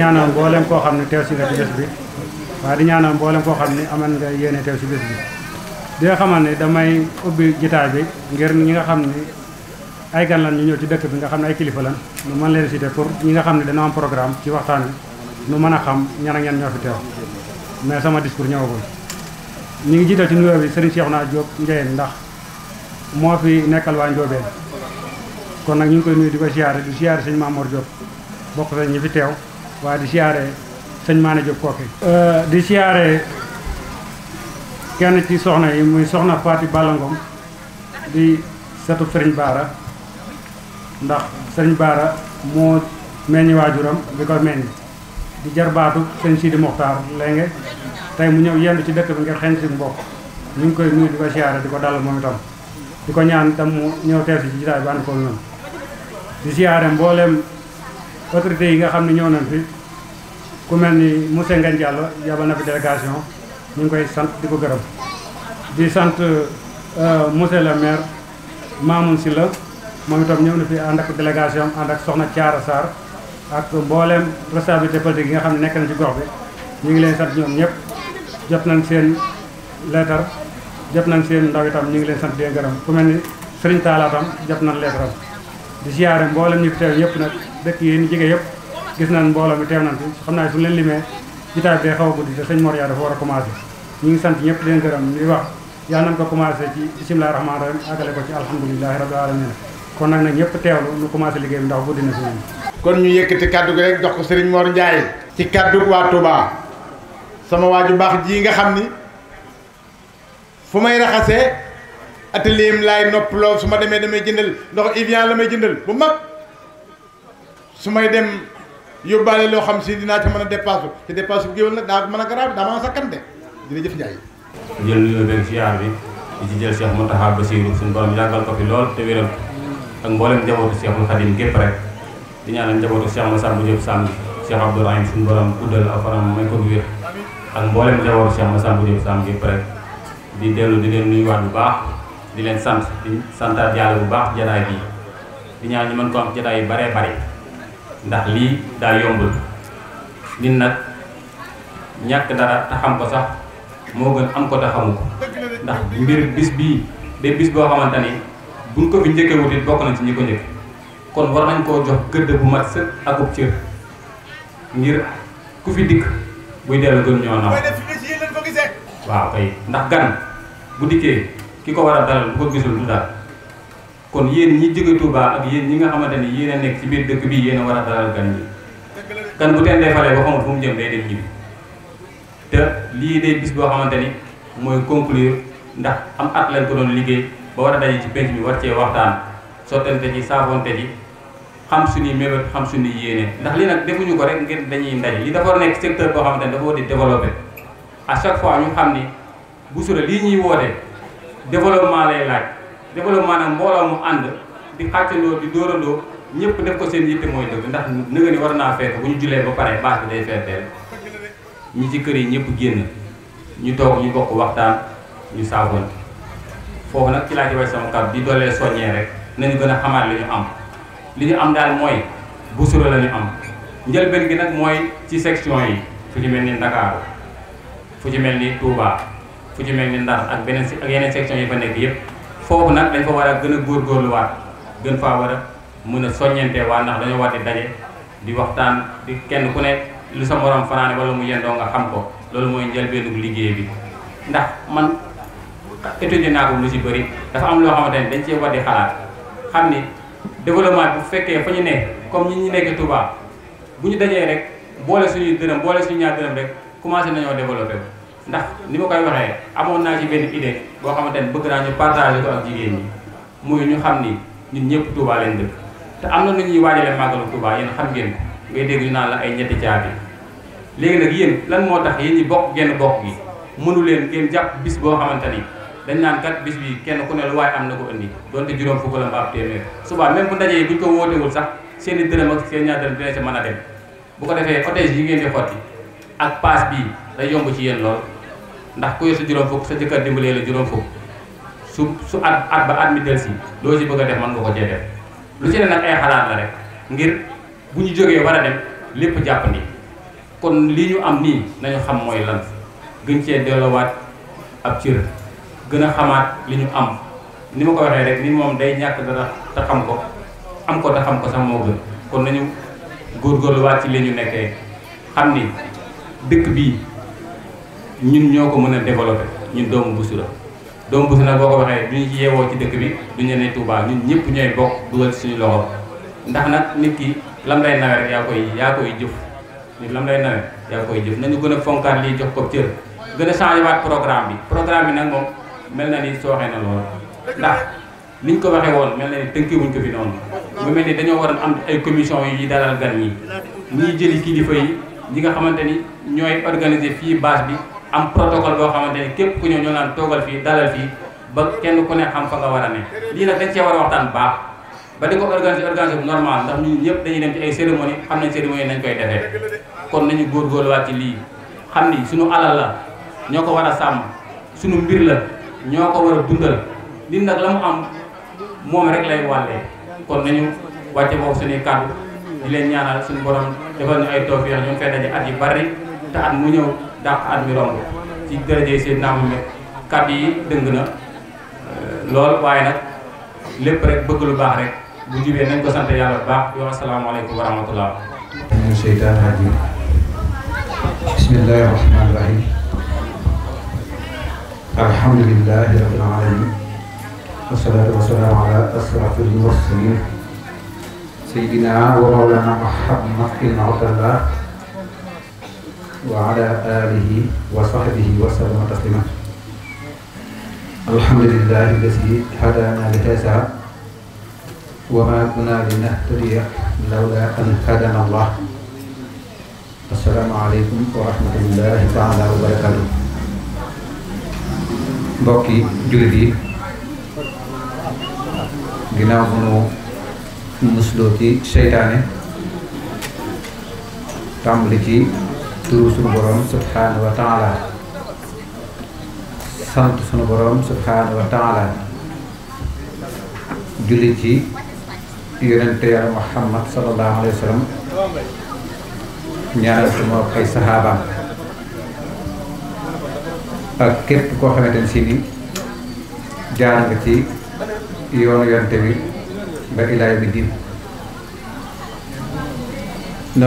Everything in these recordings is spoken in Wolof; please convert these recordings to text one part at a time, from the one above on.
ñaanal mboolem koo xam ne teew si nga ci bés bi waaye di ñaanal mboolem koo xam ne aman nga yéene teew si bés bi di nga xamal ne damay ubbi jitaay bi ngir ñi nga xam ne ay gan lan ñu ñëw ci dëkk bi nga xam ne ay kilifa lan nu mën leen cité pour ñi nga xam ne dana am programme ci waxtaan wi nu mën a xam ñan ak ñoo fi teew mais sama discours ñëwagul ñu ngi jiital ci nuyoo bi Serigne naa Diop Ndiayène ndax moo fi nekkal waa Ndiobène kon nag ñu ngi koy nuyu di ko di siyaare sëñ Mamour bokk sañ ñi fi teew waaye di siyaare sëñ maana Diop kooke euh, di siyaare kenn ci soxna yi muy soxna Faati Ballangom di setu sëriñ Baara ndax sëriñ Baara moo meññi waajuram bi ko meññ di jarbaatu sëñ Sidi Moxtaar léenge tey mu ñëw yendu ci dëkk bi ngir xeeñ si mbokk ñu ngi koy nuyu di ko siyaare di ko dalal moom itam di ko ñaan itam mu ñëw teew ci jotaay bi ànd ñoom di siyaare mbooleem autorités yi nga xam ne ñëw nañ fi ku mel ni monsieur Ngagne Diallo yabal na fi délégation ñu ngi koy sant di ko gërëm di sant euh, monsieur le maire Mamoun Sylla moom itam ñëw na fi ànd ak délégation ànd ak soxna Thiara Sarr ak mbooleem responsabilité politique yi nga xam ne nekk na ci gox bi ñu ngi leen sant ñoom ñëpp jot nañ seen leetar jot nañ seen ndaw itam ñu ngi leen sant di gërëm ku mel ni Serigne Talla tam jot nañ leetaram di ziare mboolem ñu fi teew ñëpp dëkk yi ñu jege yëpp gis nañ mbooloo mi teew nañ fi xam naa suñu leen limee jotaay bee xaw a guddi te sëñ Mor yaa dafa war a commencé ñu ngi sant ñëpp di leen gërëm li wax yàlla nañ ko commencé ci bisimilah rahmaan rahim àggale ko ci alhamdulilahi rabbil alamin kon nag nag ñëpp teewlu ñu commencé liggéey bi ndax guddi na si kon ñu yëkkati kaddu gi rek jox ko sëriñ Mor Ndiaye ci kaddu waa Touba sama waaju baax ji nga xam ni fu may raxasee atelier laay noppaloo su ma demee damay jëndal ndox Evian la may jëndal bu mag su may dem yóbbaale loo xam si dinaa ci mën a dépassé te dépassé bu géwél nag daa mën a garaaw daa mën a sakkante jërëjëf Ndiaye. jël lu leen siyaar bi di ci jël Cheikh Mountakha Bassirou suñu borom yàggal ko fi lool te wéral ak mboolem njabootu Cheikhul Khadim gépp rek di ñaanal njabootu Cheikh Massamba Diop Samb Cheikh Abdou Rahim suñu borom guddal ak faram may ko wér ak mboolem njabootu Cheikh Massamba Diop Samb gépp rek di dellu di leen nuyuwaat bu baax di leen sant di santaat yàlla bu baax jataay bi di ñaan mën ko am jataay baree bari ndax lii daa yombul nit ñàkk dara te xam ko sax moo gën am ko te xamu ko ndax mbir bis bii day bis boo xamante ni buñ ko fi njëkkee wut it bokk nañ ci ñi ko njëkk kon war nañ koo jox gëdd bu mat sëkk akub cër ngir ku fi dikk buy dellu gën ñoo naw waaw kay ndax gan bu dikkee ki ko war a dara bu ko gisul du dal kon yéen ñi jóge Touba ak yéen ñi nga xamante ni yéen a nekk ci biir dëkk bi yéen a war a dalal gan ñi gan bu tendee falee ba xamul fu mu jëm day dem ñibbi te lii day bis boo xamante ni mooy conclure ndax am at lañ ko doon liggéey ba war a daje ci penc bi war cee waxtaan sottante ci saafonte ji xam suñuy mébét xam su suñuy yéene ndax li nag defuñu ko rek ngir dañuy ndaje li dafa nekk secteur boo xamante ni dafa war di développé à chaque fois ñu xam ni bu sura lii ñuy woote développement développement nag mbooloo mu ànd di xàccandoo di dóorandoo ñëpp def ko seen yitte mooy dëgg ndax na nga ni war naa feete bu ñu jullee ba pare baax bi day feeteel ñi ci kër yi ñëpp génn ñu toog ñu bokk waxtaan ñu saaboonte foofu nag ci laa ci way sama kàddu di doolee soññee rek nañu gën a xamaat li ñu am li ñu am daal mooy bu sura am njëlbeen gi nag mooy ci section yi fu ci mel ni Ndakaaru fu ci mel ni Touba fu ci mel ni Ndar ak beneen ak yeneen section yi fa nekk yëpp foofu nag dañ fa war a gën a góor góorgóorluwaat gën faa war a mën a soññantee waa ndax dañoo war daje di waxtaan di kenn ku ne lu sa morom fanaane wala mu yendoo nga xam ko loolu mooy njëlbeenug liggéey bi ndax man étudier naa ko lu si bëri dafa am loo xamante ne dañ cee war di xalaat xam ni développement bu fekkee fa ñu ne comme ñi ñu nekk tubaab bu ñu dajee rek boole suñuy dërëm boole suñu ñaar dërëm rek commencé nañoo développé ndax ni ma koy waxee amoon naa ci benn idée boo xamante ne bëgg naa ñu partagé ko ak jigéen ñi mu ñu xam ni ñun ñëpp Touba leen te am na nu ñuy waajalee màggalu Touba yéen xam ngeen ngay dégg ñu naan la ay ñetti caabi léegi nag yéen lan moo tax yéen ñi bokk genn bokk gi mënu leen ngeen jàpp bis boo xamante ni dañ naan kat bis bi kenn ku ne lu waaye am na ko indi donte juróom fukk la mbaab téeméer suba même bu ndaje yi buñ ko wóotewul sax seen i dërëm ak seen ñaar dërëm dina mën a dem bu ko defee otage yi ngeen di xotti ak paas bii day yomb ci yéen ndax ku yor sa juróom fukk sa jëkkër dimbalee la juróom fukk su su at at ba at mi del si loo ci bëgg a def mën nga ko cee lu ci ne nag ay xalaat la rek ngir bu ñu jógee war a dem lépp jàpp ni kon li ñu am nii nañu xam mooy lan gën cee delloowaat ab cër gën a xamaat li ñu am ni ma ko waxee rek ni moom day ñàkk dara te xam ko am ko te xam ko sax moo gën kon nañu góorgóorluwaat ci li ñu nekkee xam ni dëkk bii ñun ñoo ko mën a développé ñun doomu Boussoura doomu nag boo ko waxee du ñu ci yeewoo ci dëkk bi du ñu ne Touba ñun ñëpp ñooy bokk dugal suñu loxo ndax nag nit ki lam lay nawe rek yaa koy yaa koy jëf nit lam lay nawe yaa koy jëf nañu gën a fonkaat lii jox ko cër gën a changé waat programme bi programme bi nag moom mel na ni sooxee na lool ndax niñ ko waxee woon mel na ni tënkee wuñ ko fi noonu mu mel ni dañoo waroon am ay commission yi dalal gan ñi ñiy yi ñi nga xamante ni ñooy organiser fii base bi am protocole boo xamante ne képp ku ñëw ñoo naan toogal fii dalal fii ba kenn ku ne xam fa nga war a ne lii nag dañ cee war a waxtaan baax ba di ko organiser organiser bu normal ndax ñun ñëpp dañuy dem ci ay cérémonie xam nañ cérémonie nañ koy defee kon nañu góorgóorluwaat ci lii xam ni suñu alal la ñoo ko war a sàmm suñu mbir la ñoo ko war a dundal li nag la mu am moom rek lay wàllee kon nañu wàcce boobu suñuy kàddu di leen ñaanal suñu borom defal ñu ay tawfeex ñu fee daje at yu bari te at mu ñëw dàq at mi romb ci daraje Seydina Muhammad kàddu yi dëng na euh, lool waaye nag lépp rek bëgg lu baax rek bu jubee nañ ko sant yàlla bu baax yow asalaamaaleykum wa rahmatullah min seytaan rajim bismillahi rahmaani rahim alhamdulillahi rabbil alamin wasalaatu wasalaamu ala asrafil mursalin sayyidina wa mawlana muhammad ibn abdallah wa ala alihi wa sahbihi wa sallama taslima alhamdulillahi alladi hadana li haza wa ma kunna linahtadiya lawla an hadana allah assalaamu aleykum wa rahmatullahi taala wa barakatuh mbokki jullit yi ginnaaw bu nu musloo ci seytaane tàmbali ci turu sunu borom subhaanahu wa sant sunu borom subhaanahu wa taala julli ci yonente yàlla Muhammad sallallahu alayhi képp koo xamante ne si ni jaar nga ci yoonu yonte bi ba ilaay bi diin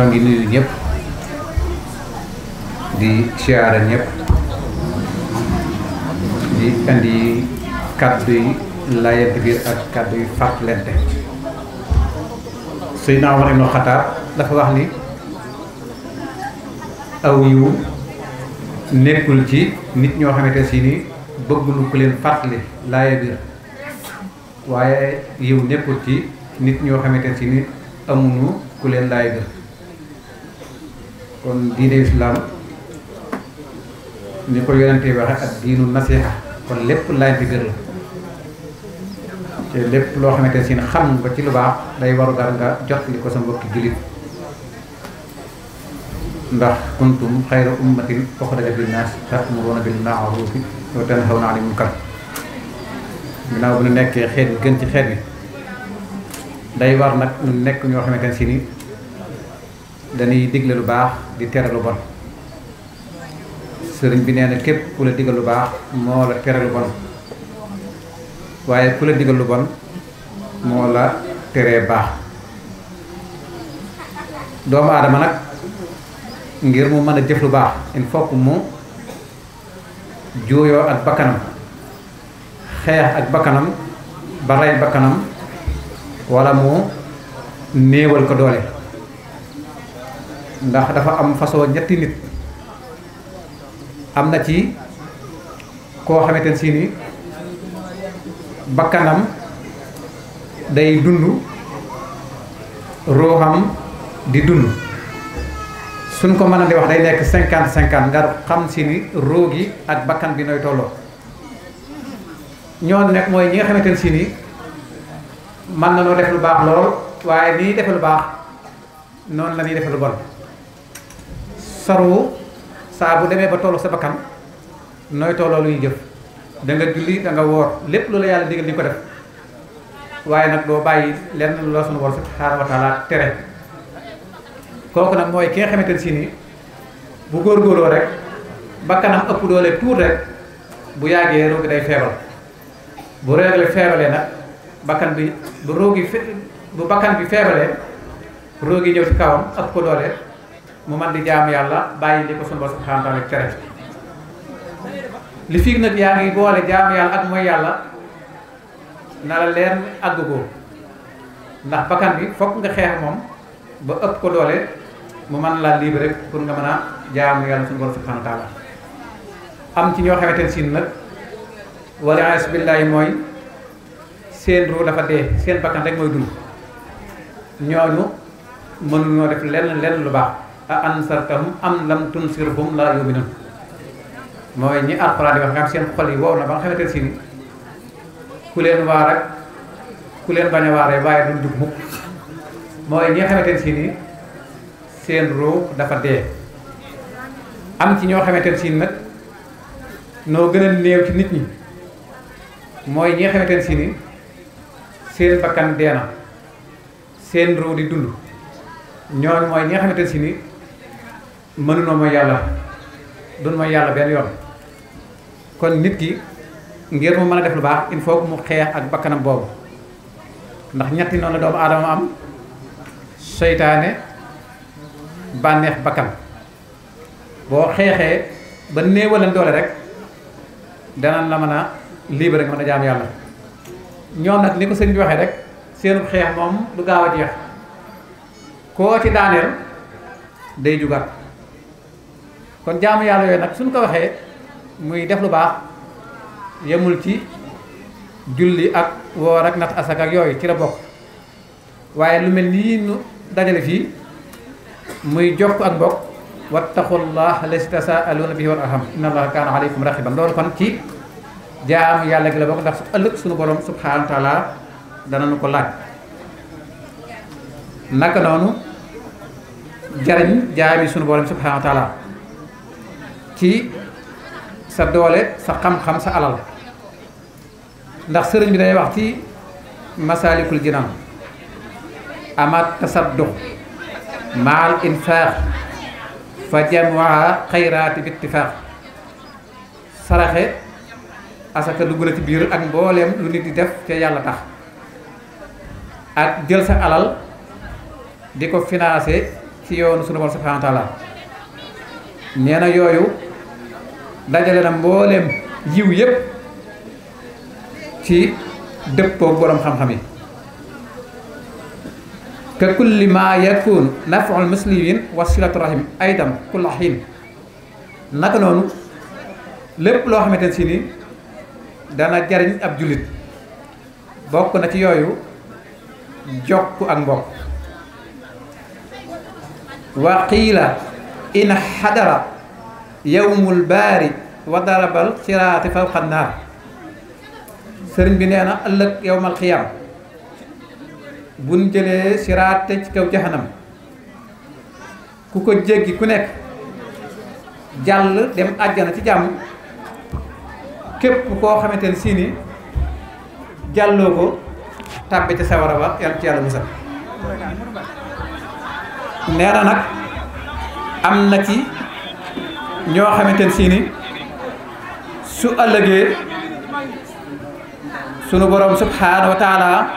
ngi nuyu ñëpp di siyaare ñëpp di indi kàddu yi layent biir ak kàddu yi suy naa war dafa wax ni aw yiw nekkul ci nit ñoo xamante si ni bëggul ku leen fàttali laaye biir waaye yiw nekkul ci nit ñoo xamante si ni amuñu ku leen laaye biir kon diine islaam ni ko yonente waxe ak diinu nasiha kon lépp laaj bi gër la te lépp loo xamante ne sin xam nga ci lu baax day warugar nga jot li ko sa mbokki jullit ndax kuntum xayra ummatin uxrijat linnaas ta'muruuna bil ma'ruufi naa ni anil munkar ginnaaw bu nu nekkee xeet bi gën ci xeet bi day war nag nu nekk ñoo xamante ne si ni dañuy digle lu baax di tere lu bon sëriñ bi nee na képp ku la digal lu baax moo la tere lu bon waaye ku la digal lu bon moo la teree baax doomu aadama nag ngir mu mën a jëf lu baax il faut que mu juuyoo ak bakkanam xeex ak bakkanam balay bakkanam wala mu néewal ko doole ndax dafa am façon ñetti nit am na ci koo xamante ne si bakkanam day dund ruuxam di dund suñ ko mën a di wax day nekk cinquante cinquante nga xam si ni ruu gi ak bakkan bi nooy tolloo ñoo nekk mooy ñi nga xamante ne si ni mën na noo def lu baax lool waaye ni defe lu baax noonu la ñuy defe lu bon saru saa bu demee ba tollu sa bakkan nooy tolloo luy jëf da nga julli da woor lépp lu la yàlla digal di ko def waaye nag doo bàyyi lenn lu la sunu borom subhaanahu wa taala tere kooku nag mooy ki nga xamante ne si ni bu góoroo rek bakkanam ëpp doole tuur rek bu yàggee roogi day feebal bu roogi feebalee nag bakkan bi bu roogi bu bakkan bi feebalee roogi ñëw ci kawam ëpp ko doole mu man di jaamu yàlla bàyyi li ko sunu borom subhaanahu li fi nag yaa ngi boole jaamu yàlla ak mooy yàlla na la leer àgg ko ndax bakkan bi fokk nga xeex moom ba ëpp ko doole mu mën laa libéré pour nga mën a jaamu yàlla sunu borom am ci ñoo xamante ne siin nag wala asbillahi mooy seen ruu dafa dee seen bakkan rek mooy dund ñooñu mënuñoo def lenn lenn lu baax a ansartahum am lam tunsirhum laa yu'minuun mooy ñi alxuraan di yi wow na ba leen waar ku leen bañ a waaree waaye duñ dugg mukk mooy si ni dafa dee am ci ñoo xamante ne si ni noo gën nit ñi mooy ñi nga xamante ne si ni seen bakkan dee na seen ruux di dund ñooñu mooy ñi nga si ni mënunoo mooy yàlla dun mooy yàlla benn yoon kon nit ki ngir mu mën a def lu baax il mu xeex ak bakkanam boobu ndax ñetti noonu la doomu aadama am seytaane bànneex bakkan boo xeexee ba néewaleen doole rek danañ la mën a libéré nga mën a jaam yàlla ñoom nag ni ko sëñ bi waxee rek seenu xeex moom du gaaw a jeex koo ci daaneel day jugaat kon jaamu yàlla yooyu nag suñ ko waxee muy def lu baax yemul ci julli ak woor ak nat asak yooyu ci la bokk waaye lu mel nii nu dajale fii muy jokk ak mbokk wattaqullah lasi tasaaluuna bihi wal arham inna allaha kaana aleykum raqiban loolu kon ci jaamu yàlla gi la bokk ndax su ëllëg suñu borom subhaanahu wa taala ko laaj naka noonu jariñ jaami sunu borom subhaanahu ci sa doole sa xam-xam sa alal ndax sëriñ bi day wax ci masaalikul jinaan amaat tasadduq maal infaax fa jamwaa xayraati bi ittifaax saraxe asaka dugg na ci biir ak mbooleem lu nit di def te yàlla tax ak jël sa alal di ko financé ci yoonu sunu borom subhaanahu wa nee na yooyu dajale na mbooleem yiw yépp ci dëppoo boroom xam-xam yi ka kulli ma yakun naf'ul muslimin wa silatu ay aytam kulla naka noonu lépp loo xamante ne si dana jariñ ab jullit bokk na ci yooyu jokk ak mbokk wa qiila in xadara yawmul baari wa darabal ciraati fawqa naar sëriñ bi nee na ëllëg yawmal xiyaam buñ jëlee siraat ci kaw jaxanam ku ko jéggi ku nekk jàll dem àjjana ci jàmm képp koo xamante ne sii nii jàlloo ko tàbbi ca sawara ba yàlla ci yàlla musal nee na nag am na ci ñoo xamante ne si su ëllëgee sunu borom subhaanahu wa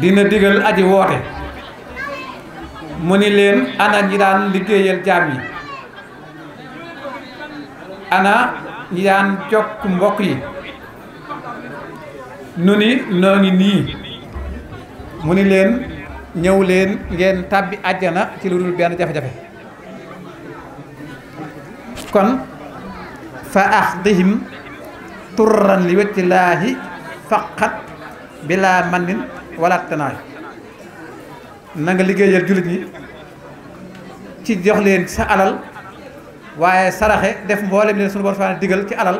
dina digal aji woote mu ni leen ana ñi daan liggéeyal jaam yi ana ñi daan jokk mbokk yi nu ni noo nii mu ni leen ñëw leen ngeen tàbbi àjjana ci lu dul benn jafe-jafe kon fa axdihim turran li wettilaahi faqat bilaa mannin wala tanaay na liggéeyal jullit ñi ci jox leen sa alal waaye saraxe def mboolem leen sunu borom subhaana digal ci alal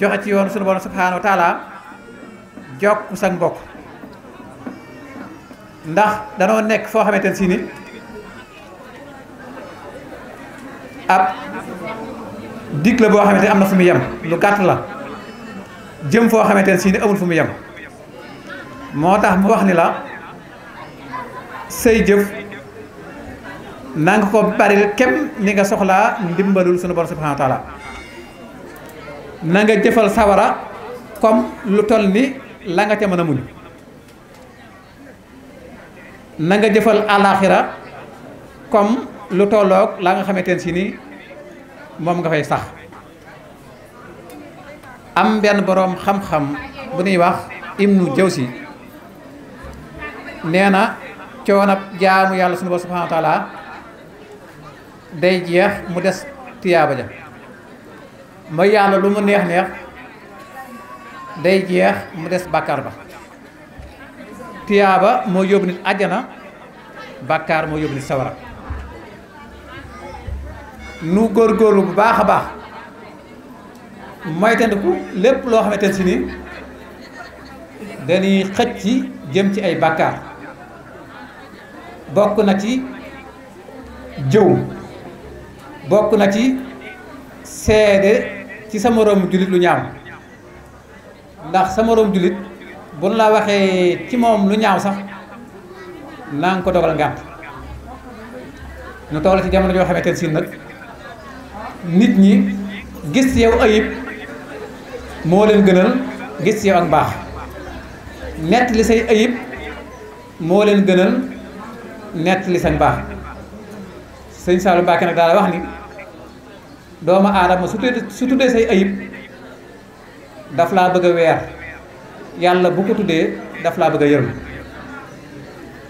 joxe ci yoon sunu borom subhaana wa taala jokk sa mbokk ndax danoo nekk foo xamante ne si ab dig la boo xamante ne am na fu mu yem lu gàtt la jëm foo xamante ne si ni amul fu mu yem moo tax mu wax ni la say jëf na nga ko baril kem ni nga soxlaa ndimbalul sunu borom subhanahu wa na nga jëfal sawara comme lu toll ni la nga ca mën a muñ na nga jëfal alaxira comme lu tolloog la nga xamante ne si nii moom nga fay sax am benn boroom xam-xam bu ñuy wax jëw si nee na coonab jaamu yàlla sunu borom subhanahu day jeex mu des tiyaaba ja mooy yàlla lu mu neex neex day jeex mu des bàkkaar ba tiyaaba moo yóbbu nit àjjana bàkkaar moo yóbbu nit sawara nu góorlu bu baax a baax moytandiku lépp loo xamante ne si ni dañuy xëcc ci jëm ci ay bàkkaar bokk na ci jëw bokk na ci seede ci sa moroom jullit lu ñaaw ndax sa moroom jullit bu nu la waxee ci moom lu ñaaw sax naa nga ko dogal ngànt ñu toll ci jamono joo xamante ne si nag nit ñi gis yow ayib moo leen gënal gis yow ak baax nett li say ayib moo leen gënal nett li seen baax sëñ Saalu Mbàkke nag daal wax ni doomu aadama su tuddee su tuddee say ayib daf laa bëgg a weer yàlla bu ko tuddee daf laa bëgg a yërëm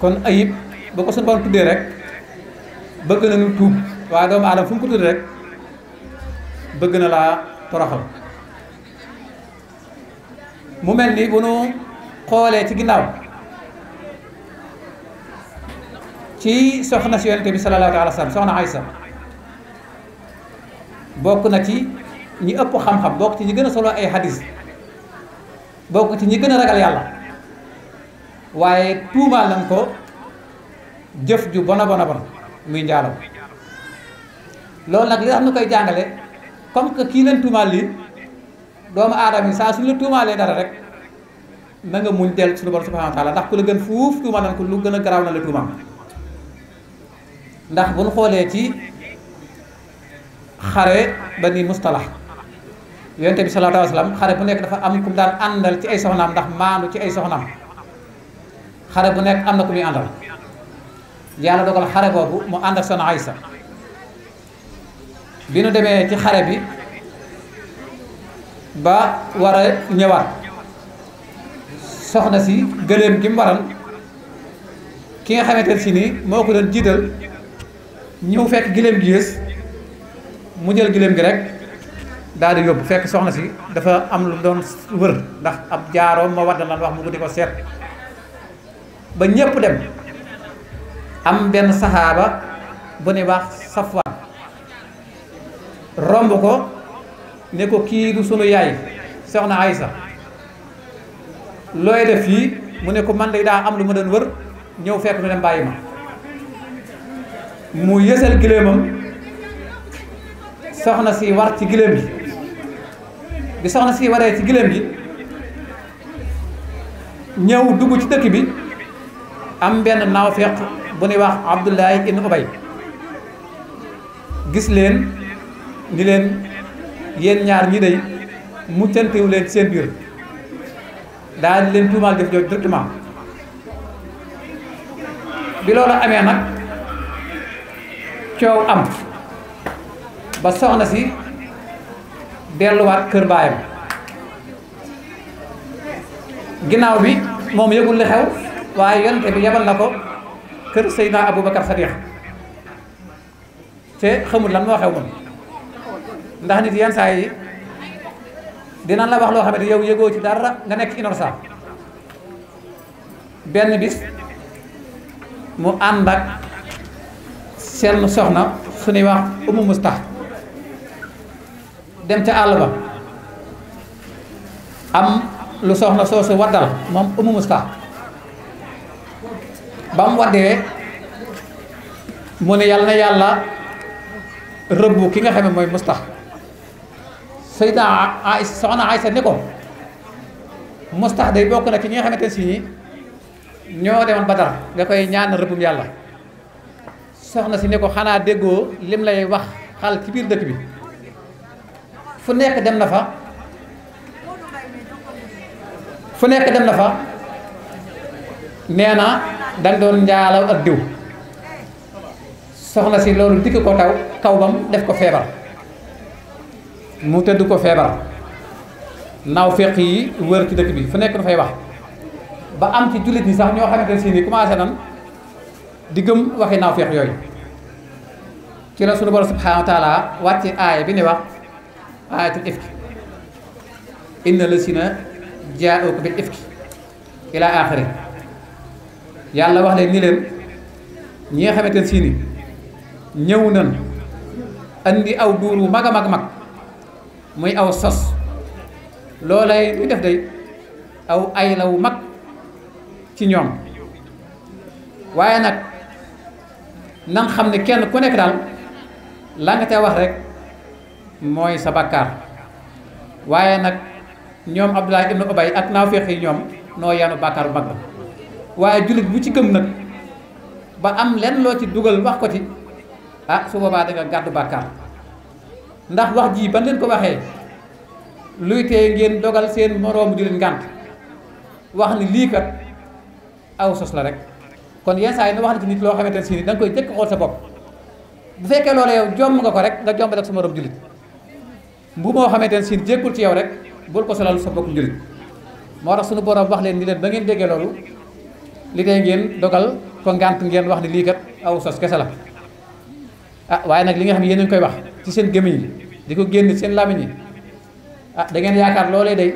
kon ayib boo ko suñu borom tuddee rek bëgg nañu tuub waaye doomu aadama fu mu ko tuddee rek bëgg na laa toroxal mu mel ni bu nu xoolee ci ginnaaw ci soxna si yonente bi sallallahu alayhi wa soxna ay Aysa bokk na ci ñi ëpp xam-xam bokk ci ñi gën a solo ay hadis bokk ci ñi gën a ragal yàlla waaye tuumaal nañ ko jëf ju bona bona bon muy njaalo loolu nag li tax nu koy jàngale comme kii leen tuumaal lii doomu aadama yi saa suñu la tuumaalee dara rek na nga muñ del suñu borom subhanahu ku la gën fuuf nañ ko lu gën a garaaw na la tuumaal ndax buñ xoolee ci xare ba ni mustalax yonent bi sallallahu alayhi xare bu nekk dafa am ku mu daan àndal ci ay soxnaam ndax maandu ci ay soxnaam xare bu nekk am na ku muy àndal yàlla dogal xare boobu mu ànd ak soxna Aysa bi nu demee ci xare bi ba war a ñëwaat soxna si gëléem gi mu waral ki nga xamante si nii moo ko doon jiital ñëw fekk gëléem gi yées mu jël gëléem gi rek daal di yóbbu fekk soxna si dafa am lu doon wër ndax ab jaaroo ma war wax mu di ko seet ba ñépp dem am benn ba bu baax wax safwaan romb ko ne ko kii du sunu yaay soxna Aysa looy def fii mu ne ko man de daa am lu ma doon wër ñëw fekk ñu dem bàyyi ma mu yësal giléemam soxna si war ci giléem gi bi soxna si waree ci giléem gi ñëw dugg ci dëkk bi am benn naafeq bu ñuy wax Abdullahi ibn Ubay gis leen ni leen yéen ñaar ñi day muccantewu leen seen biir daa leen tuumaal def jooju directement bi loolu amee nag coow am ba soxna si delluwaat kër baayam ginnaaw bi moom yëgul li xew waaye yonte bi yebal na ko kër Seydina Aboubacar Sadiq te xamul lan moo xew moom ndax nit yenn saa yi dinañ la wax loo xam ne xamante yow yëgoo ci dara nga nekk innocent benn bis mu ànd ak seen soxna su ñuy wax umu mustax dem ca àll ba am lu soxna soosu waddal moom umu mustax ba mu waddee mu ne yàlla na yàlla rëbb ki nga xam ne mooy mustax sayda ay soxna Aysa ni ko mustax day bokk na ci ñi nga xamante si nii ñoo dem Badar nga koy ñaan rëbbum yàlla soxna si ni ko xanaa déggoo lim lay wax xal ci biir dëkk bi fu nekk dem na fa fu nekk dem na fa nee na dañ doon njaalaw ak diw soxna si loolu dikk ko taw kaw bam def ko feebar mu tëdd ko feebar naaw feq yi wër ci dëkk bi fu nekk dafay wax ba am ci jullit ñi sax ñoo xamante ne si ni commencé nan di gëm waxi naaw feq yooyu ci la sunu borom subhanahu wa taala wàcce aaya bi ne wax aayatul ifki inna lasina jaa'uuka bil ifki ilaa aaxiri yàlla wax leen ni leen ñi nga xamante ne si ñëw nan andi aw duuru mag a mag mag muy aw sos loolay luy def day aw ay la wu mag ci ñoom waaye nag nan xam ne kenn ku nekk daal la nga ca wax rek mooy sa bakkaar waaye nag ñoom Abdullah ibnu Ubay ak naafeq yi ñoom noo yaanu bakkaar bu mag la waaye jullit bu ci gëm nag ba am lenn loo ci dugal wax ko ci ah su boobaa da nga gàddu bakkaar. ndax wax jii ban leen ko waxee luy tee ngeen dogal seen moroomu di leen ngànt wax ni lii kat aw sos la rek kon yenn saa yi nu wax na ci nit loo xamante ne si ni koy jëkk xool sa bopp bu fekkee loolu jomm nga ko rek nga jombal sa morom jullit mbu moo xamante ne si ni jékkul ci yow rek bul ko solal sa bokk jullit moo tax suñu borom wax leen ni leen ba ngeen déggee loolu li tee ngeen dogal ko ngànt ngeen wax ni liikat aw sos kese la ah waaye nag li nga xam ne yéen a koy wax ci seen gémmiñ li di ko génn seen làmmiñ yi ah da ngeen yaakaar loolee day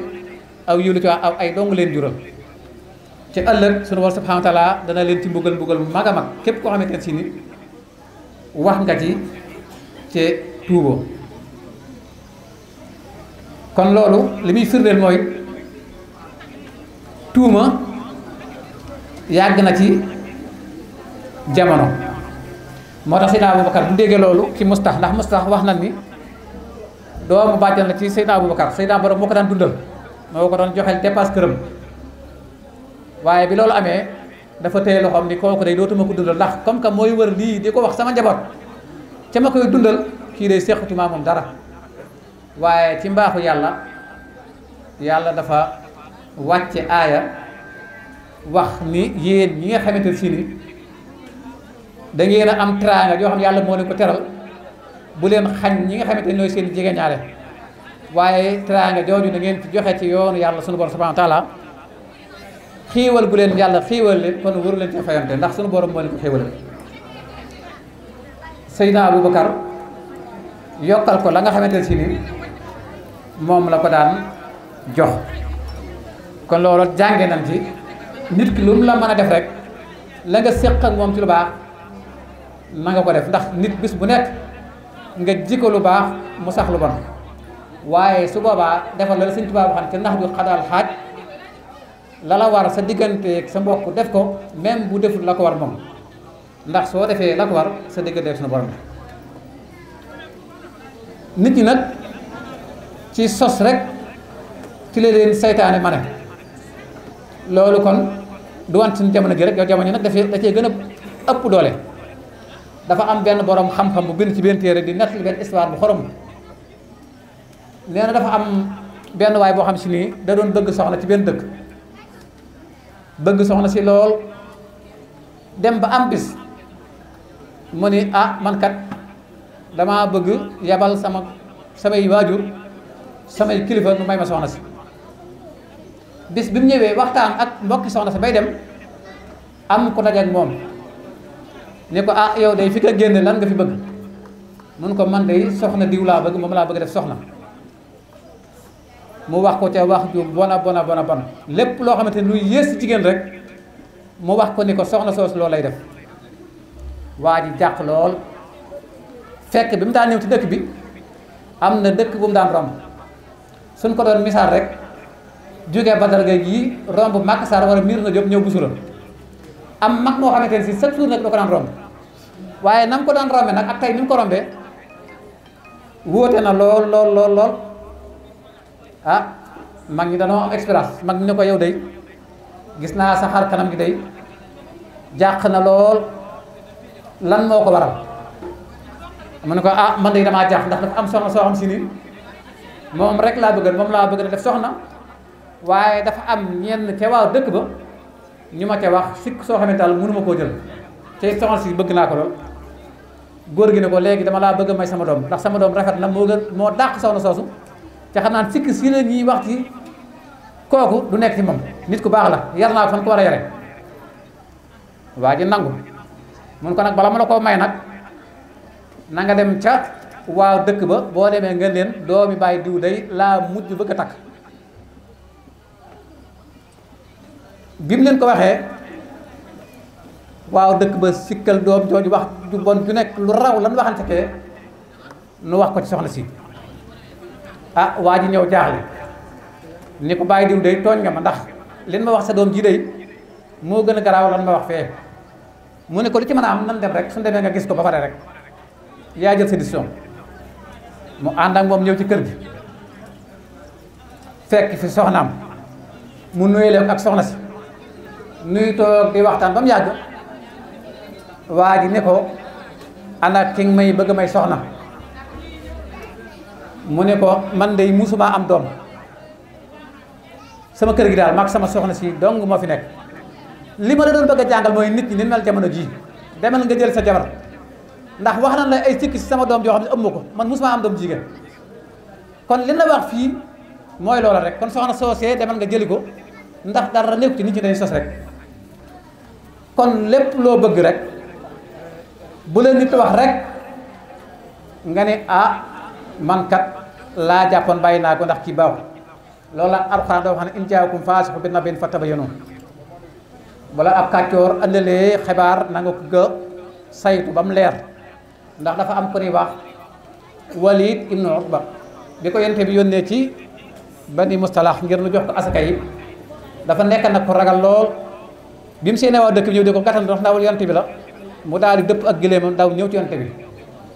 aw yiw la ci aw ay dong leen jural ci ëllëg sunu war subhanahu dana leen ci mbugal mbugal mag a mag képp ko xamante ne si ni wax nga ci tuuboo kon loolu li muy firndeel mooy tuuma yàgg na ci jamono moo tax Seydina Aboubacar bu déggee loolu ci mustax ndax mustax wax na ni doomu bàjjan la ci Seydina Aboubacar Seydina borom moo ko daan dundal moo ko doon joxel dépasse këram waaye bi loolu amee dafa téye loxoom ni kooku day dootuma ko dundal ndax comme que mooy war lii di ko wax sama njaboot ca ma koy dundal kii day sequtuma moom dara waaye ci mbaaxu yàlla yàlla dafa wàcce aaya wax ni yéen ñi nga xamante ne si ni da ngeen a am teraanga yoo xam ne yàlla moo leen ko teral bu leen xañ ñi nga xamante ne ñooy seen jigéen ñaare waaye teraanga jooju na ngeen ci joxe ci yoonu yàlla sunu borom subhanahu wa taala xiiwal bu leen yàlla xiiwal leen kon waru leen ci fayante ndax sunu borom moo leen ko xiiwal Seydina Aboubacar yokkal ko la nga xamante ne si ni moom la ko daan jox kon loolu jànge nañ ci nit ki lu mu la mën a def rek la nga séq moom ci lu baax. na nga ko def ndax nit bis bu nekk nga jikko lu baax mu sax lu bon waaye su boobaa defal la sëñ Tuubaa waxan ci ndax du xadaal xaaj la la war sa digganteeg sa mbokk def ko même bu deful la ko war moom ndax soo defee la ko sa digganteeg suñu borom nit ñi nag ci sos rek ci la leen saytaane ma ne loolu kon du want suñu jamono gi rek yow jamono yi nag dafee da cee gën a ëpp doole dafa am benn boroom xam-xam bu bind ci benn téere di nettali benn histoire bu xorom nee na dafa am benn waay boo xam si nii da doon bëgg soxna ci benn dëkk bëgg soxna si lool dem ba am bis mu ni ah man kat damaa bëgg yabal sama samay waajur samay kilifa nu may ma soxna si bis bi mu ñëwee waxtaan ak mbokki soxna si bay dem am ko daje moom ne ko ah yow day fi nga génne lan nga fi bëgg mun ko man day soxna diw laa bëgg moom laa bëgg def soxna mu wax ko ca wax ju bona bona bona bon a lépp loo xamante ne lu yées jigéen rek mu wax ko ni ko soxna soos loo lay def waa ji jàq lool fekk bi mu daan ñëw ci dëkk bi am na dëkk bu mu daan romb suñ ko doon misaal rek jógee Badar Gueye gii romb Makassar wala miir na Jóob ñëw bu sural am mag moo xamante ne si chaque jour nag da ko daan romb waaye na ko daan rombe nag ak tey ni mu ko rombee wóote na lool lool lool lool ah mag ñi danoo am expérience mag ñi ne ko yow day gis naa sa xar kanam gi day jàq na lool lan moo ko waral mu ne ko ah man day damaa jàq ndax dafa am soxna soo xam si ni moom rek laa bëgg moom laa bëgg def soxna waaye dafa am ñenn ca waa dëkk ba ñu ma ca wax sikk soo xamante ne mënuma koo jël te soxna si bëgg naa ko lool góor gi ne ko léegi dama laa bëgg may sama doom ndax sama doom rafet la moo gën moo dàq soxna soosu te xam naa sikk si ne ñuy wax ci kooku du nekk ci moom nit ku baax la yar naa ko fan ko war a yare waa ji nangu mun ko nag bala ma la koo may nag na nga dem ca waa dëkk ba boo demee nga leen doomi baay diw day laa mujj bëgg a takk bi mu leen ko waxee waaw dëkk ba sikkal doom jooju wax ju bon ju nekk lu raw lan waxante kee nu wax ko ci soxna si ah waa ji ñëw jaaxle ni ko bàyyi diw day tooñ nga ma ndax leen ma wax sa doom ji day moo gën a garaaw lan ma wax fee mu ne ko li ci mën a am na dem rek suñu demee nga gis ko ba pare rek yaa jël sa décision mu ànd moom ñëw ci kër gi fekk fi soxnaam mu nuyu leen ak soxna si nuyu toog di waxtaan ba yàgg waa ji ne ko ana ki may bëgg may soxna mu ne ko man de musuma am doom sama kër gi daal maag sama soxna si dong moo fi nekk li ma la doon bëgg a jàngal mooy nit ñi ni mel jamono ji demal nga jël sa jabar ndax wax na la ay sikki si sama doom joo xam ne ëmb ko man musuma am doom jigéen kon li na wax fii mooy loola rek kon soxna soosee demal nga jëli ko ndax dara nekk ci nit ñi dañuy sos rek kon lépp loo bëgg rek bu la nit wax rek nga ne ah man kat laa jàppoon bàyyi naa ko ndax kii baaxul loolu la alxuraan doo xam ne in jaakum faasiqun bi naba'in fatabayyanu bala ab kàccoor andalee xibaar na nga ko ga saytu ba mu leer ndax dafa am ku ñuy wax Walid ibnu Utba bi ko yente bi yónnee ci bani mustalax ngir nu jox ko asaka yi dafa nekk nag ko ragal lool bi mu seenee waa dëkk bi ñëw di ko gàttal ndax ndawal yonte bi la mu daal di dëpp ak gileemam daw ñëw ci yonte bi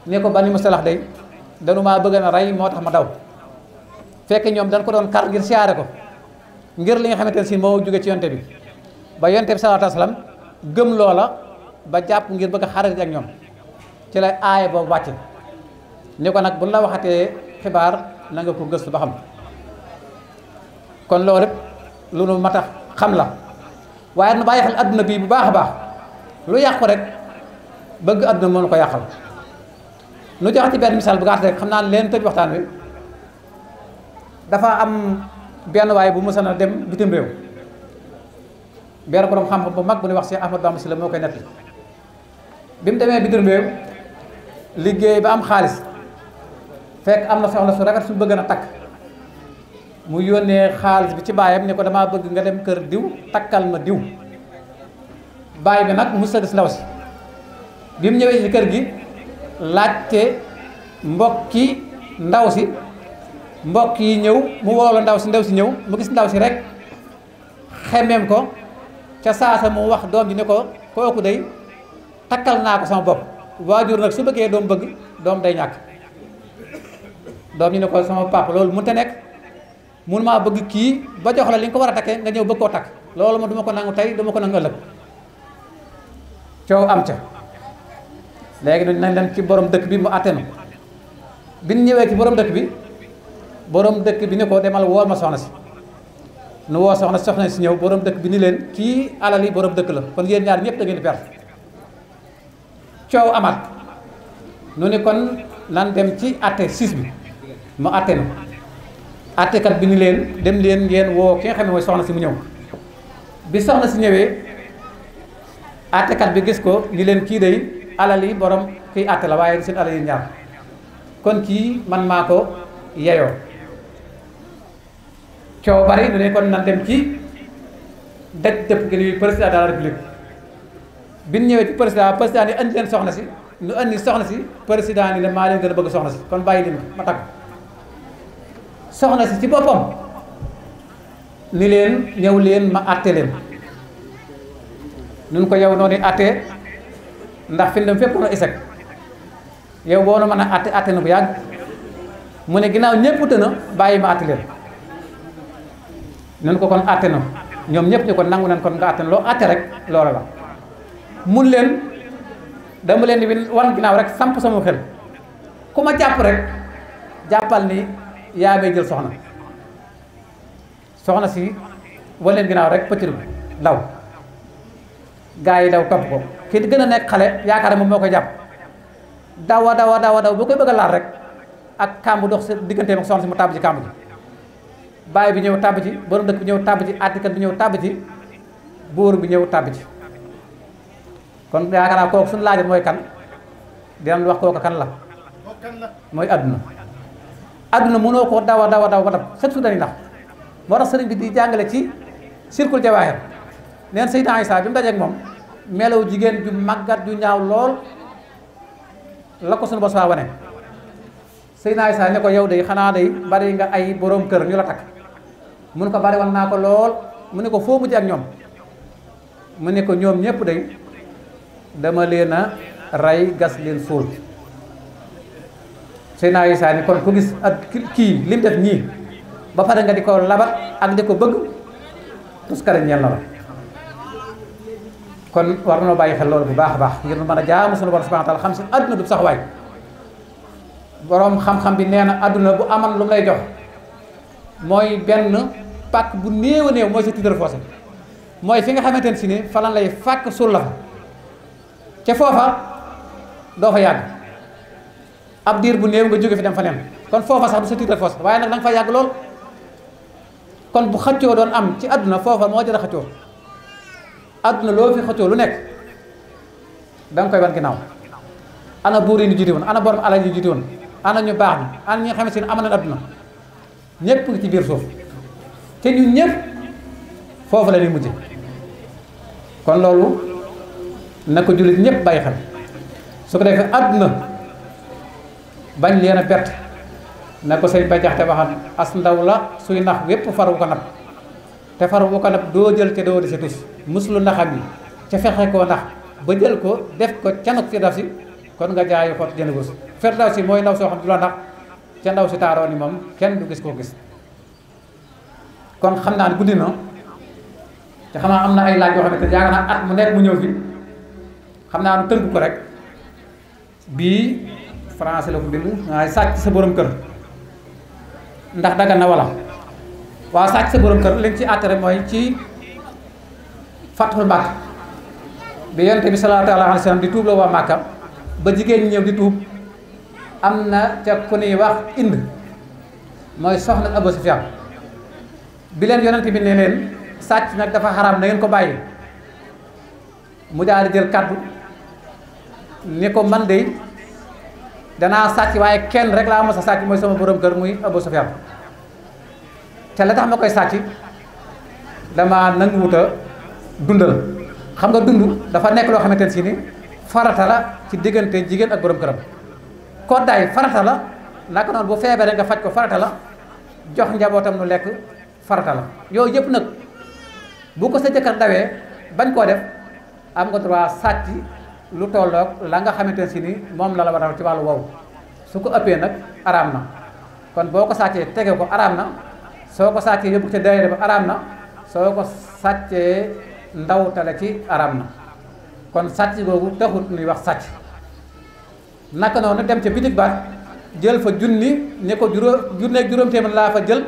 ne ko ba ni bani mustalax day danu maa bëgg na rey moo tax ma daw fekk ñoom dañ ko doon kar ngir siyaare ko ngir li nga xamante ne si moo jóge ci yonte bi ba yonte bi salaatu wasalaam gëm loola ba jàpp ngir bëgg a xarit ak ñoom ci lay aaya boobu wàcce ni ko nag bu la waxatee xibaar na nga ko gëstu ba xam kon loolu lépp lu nu mat a xam la waaye nu bàyyi xel adduna bii bu baax a baax lu yàqu rek bëgg àdduna moo ko yàqal nu joxe ci benn misaal bu gàtt rek xam naa leen tëj waxtaan wi dafa am benn waaye bu mësa na dem bitim réew benn borom xam-xam bu mag bu ne wax si Ahmad Bamba si la moo koy nettali bi mu demee bitim réew liggéey ba am xaalis fekk am na soxla su rafet su bëgg na takk mu yónnee xaalis bi ci baayam ne ko damaa bëgg nga dem kër diw takkal ma diw baay bi nag mu musa gis ndaw si bi mu ñëwee ci kër gi laajte mbokki ndaw si mbokk yi ñëw mu woolu ndaw si ndaw si ñëw mu gis ndaw si rek xemeem ko ca saasa mu wax doom ji ne ko kooku day takkal naa ko sama bopp waajur nag su bëggee doom bëgg doom day ñàkk doom ñu ne ko sama papa loolu mënut a nekk mun maa bëgg kii ba jox la li nga ko war a takkee nga ñëw bëgg koo takk loolu ma duma ko nangu tey duma ko nangu ëllëg coow am ca léegi dañ dem ci borom dëkk bi mu àttenu bi ñëwee ci borom dëkk bi boroom dëkk bi ni ko demal woo ma soxna si nu woo soxna si soxna si ñëw borom dëkk bi ni leen kii alal yi borom dëkk la kon yéen ñaar ñëpp da ngeen di perte coow amaat nu ni kon nan dem ci atte siis bi mu àttenu àttekat bi ni leen dem leen ngeen woo ki xam ne mooy soxna si mu ñëw bi soxna si ñëwee àttekat bi gis ko ni leen kii day alal yi borom kuy àtte la waaye seen alal yi ñaar kon kii man maa ko yeyoo coow bari nu ne kon nan dem ci daj dëpp gi ni président de la république bi ñu ñëwee ci président président ni andi leen soxna si nu andi soxna si président ni maa leen gën a bëgg soxna si kon bàyyi leen ma takk soxna si ci boppam ni leen ñëw leen ma àtte leen nun ko yow noonu àtte ndax fi mu dem fépp a isek yow boo na mën a àtte àtte na bu yàgg mu ne ginnaaw ñëpp të na bàyyi ma àtte leen nan ko kon àtte na ñoom ñëpp ñu ko nangu leen kon nga àtte na loo àtte rek loola la mun leen dama leen di wan ginnaaw rek samp sama xel ku ma jàpp rek jàppal ni yaa may jël soxna soxna si wan leen ginnaaw rek pëccëg daw gaa yi daw topp ko ki gën a nekk xale yaakaar moom moo ko jàpp dawa dawa dawa daw boo koy bëgg a laal rek ak kàmb dox sa digganteem ak soxna si mu tàbb ci kàmb ji baay bi ñëw tàbb ci borom dëkk bi ñëw tàbb ci àttikat bi ñëw tàbb ci buur bi ñëw tàbb ci kon yaakaar naa kooku suñu laajee mooy kan dinañ wax kooku kan la mooy àdduna adduna mënoo koo dawa dawa daw ba dab xët su dañuy nax moo tax sëriñ bi di jàngale ci circul jawaahir neen Seydina Isa bi mu dajeeg moom melaw jigéen ju màggat ju ñaaw lool la ko sunu bos faa wane Seydina Isa ne ko yow de xanaa day bari nga ay borom kër ñu la takk mun ne ko bari wan naa ko lool mu ne ko foo mujj ak ñoom mu ne ko ñoom ñépp day dama leen a rey gas leen suul Seydina Isa ni kon ku gis ak kii lim def ñii ba pare nga di ko labat ak di ko bëgg tuskare ñeel na la kon war nañoo bàyyi xel loolu bu baax a baax ngir mën a jaamu sunu borom subhanahu wa taala xam si adduna du sax waay borom xam-xam bi nee na adduna bu aman lu mu lay jox mooy benn pàkk bu néew a néew mooy sa titre fossé mooy fi nga xamante ne si ne falan lay fàkk suul la fa ca foofa doo fa yàgg ab diir bu néew nga jóge fi dem fa neen kon foofa sax du sa titre fossé waaye nag da nga yàgg lool kon bu xëccoo doon am ci adduna foofa moo jëra xëccoo àdduna loo fi xëccoo lu nekk da nga koy wan ginnaaw ana buur yi ñu jiite woon ana borom alal yi ñu jiite woon ana ñu baax na ana ñi nga xamante ne am nañ àdduna ñëpp ci biir suuf te ñun ñëpp foofu la ñuy mujje kon loolu na ko jullit ñépp bàyyi xel su ko defee àdduna bañ leen a perte na ko sëñ ba jaxte waxan as ndaw la suy nax wépp faru ko nap te far bu ko nag doo jël te doo di si tus muslu naxam yi ca fexe koo nax ba jël ko def ko canuk firdawsi kon nga jaayi xott jënd gos firdawsi mooy ndaw soo xam du la nax ca ndaw si taaroo ni moom kenn du gis koo gis kon xam naa ne guddi na te xam naa am na ay laaj yoo xam ne te yaakaar naa at mu nekk mu ñëw fi xam naa nu tënk ko rek bii français la ko bind waaye sàcc sa borom kër ndax dagan na walla waa sàcc sa borom kër leen ci àttare mooy ci Fathul Makka bi yonent bi sallallahu alayhi di tuub la waa Makka ba jigéen ñi ñëw di tuub am na ca ku ñuy wax ind mooy soxna Abu Sufyaan bi leen yonent bi ne leen sàcc nag dafa xaraam na ngeen ko bàyyi mu daal di jël kàddu ni ko man de danaa sàcc waaye kenn rek laa mos sa sàcc mooy sama borom kër muy Abu Sufyaan ca la tax ma koy sàcc dama nanguwut a dundal xam nga dund dafa nekk loo xamante ne si ni farata la ci diggante jigéen ak borom këram koddaay farata la naka noonu bu feebaree nga faj ko farata la jox njabootam lu lekk farata yow yooyu yëpp nag bu ko sa jëkkër dawee bañ koo def am nga droit sàcc lu tolloog la nga xamante ne si ni moom la la war a ci wàllu woowu su ko ëppee nag araam na kon boo ko sàccee tege ko araam na soo ko sàccee yóbbu ca daayira ba araam na soo ko sàccee ndawtale ci araam na kon sàcc kooku taxut nuy wax sàcc naka noonu dem ca bitig ba jël fa junni ne ko juróom junneeg juróom téeméer laa fa jël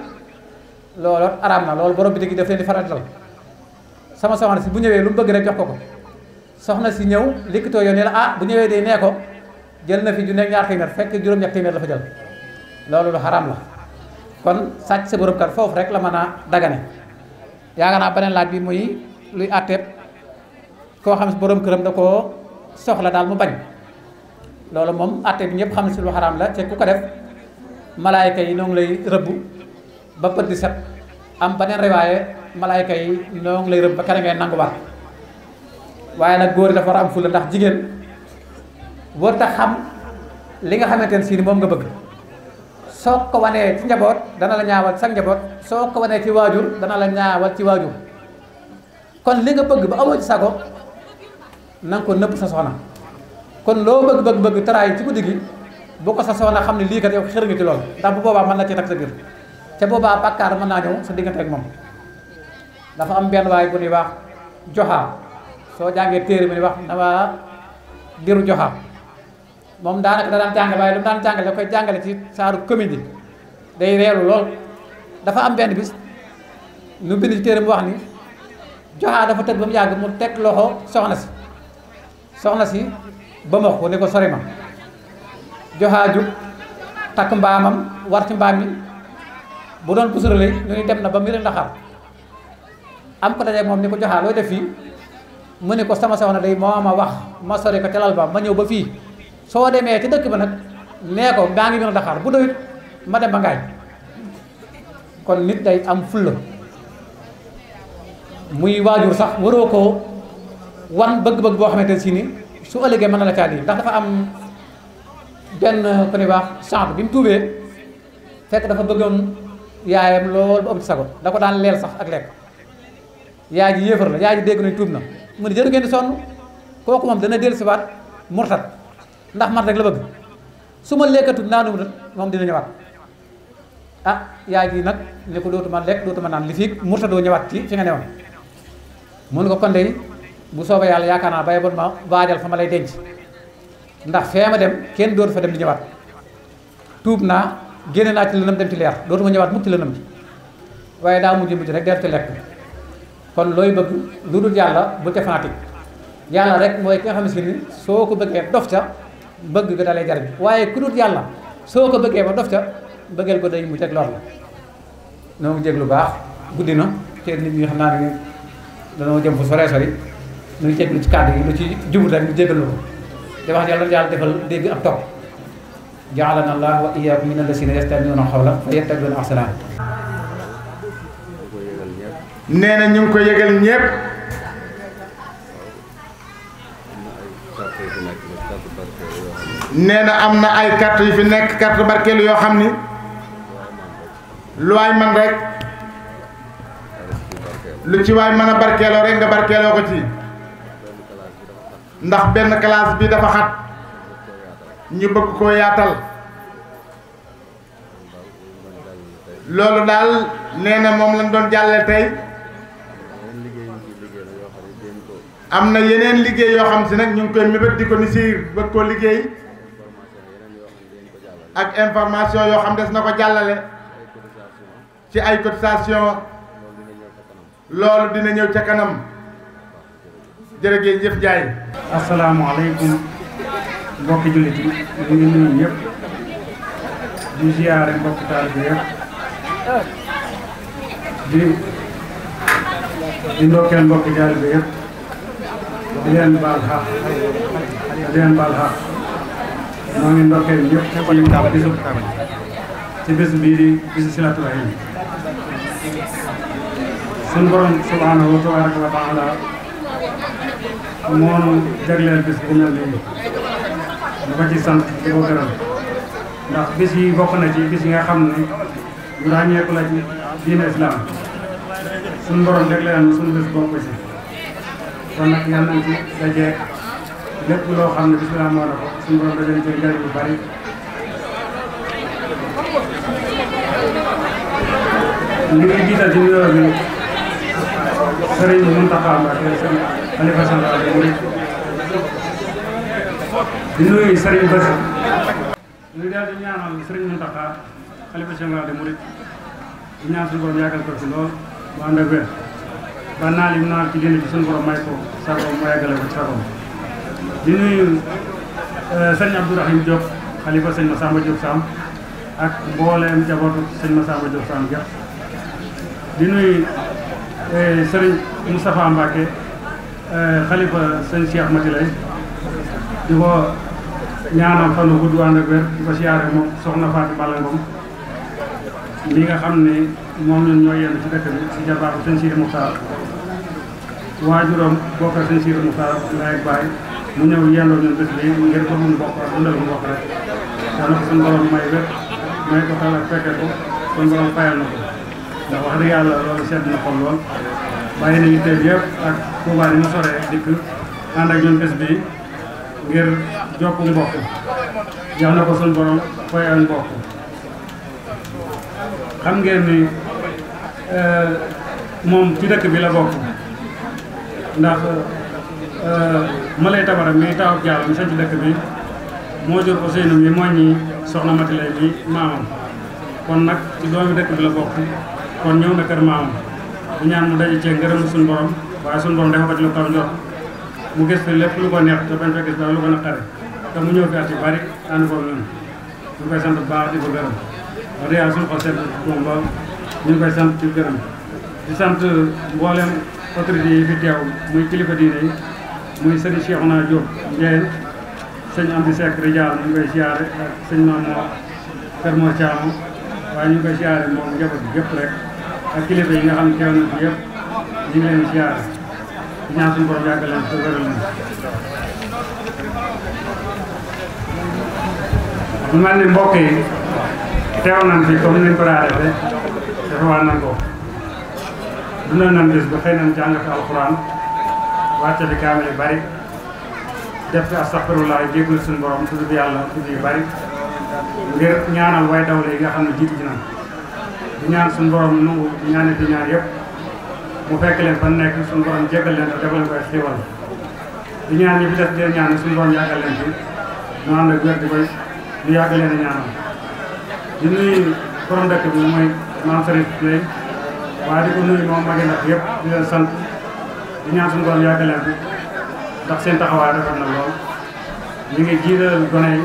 loolu araam na loolu borom bitig yi daf leen di sama soxna si bu ñëwee lu bëgg rek jox ko ko soxna si ñëw likkitoo yoon ne la ah bu ñëwee day nee jël na fi junneeg ñaar téeméer fekk juróom la fa jël loolu lu xaraam la kon sàcc sa borom kat foofu rek la mën a dagane yaakaar naa beneen laaj bi muy luy àtteeb koo xam si borom këram da koo soxla daal mu bañ loolu moom àtte bi ñëpp xam si lu xaraam la te ku ko def malaayka yi noo ngi lay rëbb ba bët set am beneen riwaaye malaayka yi noo lay rëbb ba kere ngay nanguwaat waaye nag góor dafa war a am fulla ndax jigéen war tax xam li nga xamante ne si moom nga bëgg. soo ko wanee ci njaboot dana la ñaawal sa njaboot soo ko wanee ci waajur dana la ñaawal ci waajur kon li nga bëgg ba amoo ci sago na nga ko nëpp sa soxna kon loo bëgg bëgg bëgg taraay ci guddi gi bu ko sa soxna xam ne lii kat yow xër nga ci lool ndax bu boobaa mën na ci takk sa biir te boobaa bàkkaar man naa ñëw sa diggante ak moom dafa am benn waay bu ñuy wax joxaa soo jàngee téere bi ni wax na waa diru joxaa moom daanaka da daan jàngale waaye lu mu daan jàngale da koy jàngale ci saaru comédie day reeru lool dafa am benn bi nu bind ci téere mu wax ni joxaa dafa tëdd ba mu yàgg mu teg loxo soxna si soxna si ba ma ko ne ko sori ma joxaa jug takk mbaamam war ci mbaam mi bu doon pusurale ñu ni dem na ba mu leen ndaxar am ko dajeeg moom ni ko joxaa looy def fii mu ne ko sama soxna day moo ma wax ma sori ko ca lal ba ma ñëw ba fii soo demee ci dëkk ba nag nee ko maa ngi mën a bu doyut ma dem ba Ngaañ kon nit day am fulla muy waajur sax waroo ko wan bëgg-bëgg boo xamante ne si ni su ëllëgee mën na la caa lii ndax dafa am benn ku baax chambre bi mu tuubee fekk dafa bëggoon yaayam lool ba am ci sago da ko daan leel sax ak lekk yaay ji yéefar la yaay ji dégg nañ tuub na mu ne jërë ngeen di sonn kooku moom dana dellusiwaat murtat ndax man rek la bëgg su ma lekkatut naanum doon moom dina ñëwaat ah yaay ji nag ne ko dootuma lekk ma naan li fii murtadoo ñëwaat ci fi nga newoon mun ko konde bu soobee yàlla yaakaar naa bay bon ma waajal fa ma lay denc ndax fee ma dem kenn dootu fa dem di ñëwaat tuub naa génne naa ci lëndëm dem ci leer dootuma ñëwaat mukk ci lëndëm ci waaye daa mujj mujj rek def ci lekk kon looy bëgg lu dul yàlla bu te yàlla rek mooy ki nga xam ne soo ko bëggee dof ca bëgg ga dalay bi waaye ku dut yàlla soo ko bëggee ba dof ca bëggeel ko day mu teg lor la noo ngi lu baax guddi na te nit ñi xam naa ne danoo jëm fu sore sori ñu ngi jéglu ci kàddu yi lu ci jubut rek ñu jégalu ko te wax yàlla yàlla defal dégg ak topp jaalana allah wa iyaakum min allasina yastamiuna xawla fa yattabiuna ahsana nee na ñu ngi ko yëgal ñëpp nee na am na ay carte yu fi nekk carte barkeelu yoo xam ni lu waay man rek lu ci waay mën barkeeloo rek nga barkeeloo ko ci ndax benn classe bi dafa xat ñu bëgg koo yaatal loolu daal nee na moom lañ doon jàlle tey am na yeneen liggéey yoo xam si nag ñu ngi koy mébét di ko ni bëgg koo liggéey ak information yoo xam ne des na ko jàllale ci ay cotisation loolu dina ñëw ca kanam jërëjëf jëf jaay asalaamaaleykum mbokki jullit yi ngi nuyu yëpp di ziyaare mbokki taalibe yëpp di di ndokkeel mbokki taalibe yëpp di leen baal xaq di leen baal xaq ñoo ngi ndokkeel ñëpp ci bisu ci bés bii di bisu silaatul rahiim suñu borom subhaanahu wa tabaaraka wa taala moonu jagleel bis bu mel nii ñu ko ci sant di ko gërëm ndax bis yi bokk na ci bis yi nga xam ne bu ràññeeku la ci diine islam suñu borom jagleel na suñu bis bokk ci kon nag yal nañ ci dajeek lépp loo xam ne bis la moo na ko suñu borom danañ ci leer bu bari ñu ngi jiital ci nuyoo bi sëriñ Mountakha Mbacké sëriñ Khalifa Sall bi mu di nuyu sëriñ Bass ñu daal di ñaanal sëriñ Mountakha Khalifa général des Mourides di ñaan suñu borom yàggal ko fi lool bu ànd ak wér ba naal yi mu naan ci dina ci suñu borom may ko sagoom mu yàggale ko sagoom di nuyu Euh, sëñ Abdourahim Diop xalifa sëñ Massamba Diop Sam ak mbooleem jabootu sëñ Massamba Diop Sam gépp di nuyu euh, sëriñ Moustapha Mbacke euh, xalifa sëñ Cheikh Mati lay di ko ñaanal fan wu gudd ànd wér di ko siyaare moom soxna Fatou Balla Ngom li nga xam ne moom ñun ñoo yenn ci dëkk bi si jarbaabu sëñ Sidi Moukhtar waajuram bokk sëñ Sidi Moukhtar Ndiaye Baye mu ñëw yelloo ñu bés bi ngir ko mun bokk rek dundal mu bokk rek yàlla ko suñu borom may wér may ko tal ak fekke borom fayal ko ndax wax dëgg yàlla loolu sedd na xol lool bàyyi nañu tey yëpp ak Tuubaa yi mu soree dikk ànd ak ñun bés bi ngir jokk mbokk jox na ko suñu borom fayal mbokk xam ngeen ni euh, moom ci dëkk bi la bokk ndax Euh, ma lay tabara mi taw ak jaaram sañ dëkk bi moo jur Ousseynou mi mooñ ñi soxna Mati lay bi maamam kon nag ci doomi dëkk bi la bokk kon ñëw na kër maamam bu ñaan mu daje cee ngërëm suñu borom waaye suñu borom dafa ko ci lu kaw njort mu gis fi lépp lu ko neex te bañ fa gis dara lu ko naqare te mu ñëw fi at yu bari ànd ko ñun ñu koy sant bu baax di ko gërëm wax dëgg yàlla suñu xol sedd moom ba ñu ngi koy sant ci gërëm di sant mboolem autorités yi fi teew muy kilifa diine muy sëriñ Cheikhouna Diop Ndiaye sëñ Amdi Seck Rijal ñu ngi koy siyaare ak sëñ Mamadou Kër Mor Thiam ñu ngi koy siyaare rek ak kilifa yi nga xam ne teew nañ fi yëpp ñu ngi leen di siyaare ñaan suñu borom mu mel ni mbokk yi na nañ fi comme ni ñu ko daa defee defewaat ko dundal nañ bis ba xëy nañ jàng fi alxuraan. wàcce bi kaamil yu bari def fi astaxfirullah jéggul suñu borom tudd yàlla tudd yu bari ngir yi nga xam ne jiitu ji nañ di ñaan suñu borom nangu di ñaan yëpp mu fekk leen fan nekk suñu leen te ñaan ñi ñaan suñu borom yàggal leen fi ñu ànd ak wér koy di yàgg leen di ñaanal di nuyu borom bi mu maam Serigne Lay waaye di ko nuyu moom magi nag di leen sant di ñaan suñu borom yàgg leen fi ndax seen taxawaay rafet na lool ñu ngi jiital gone yi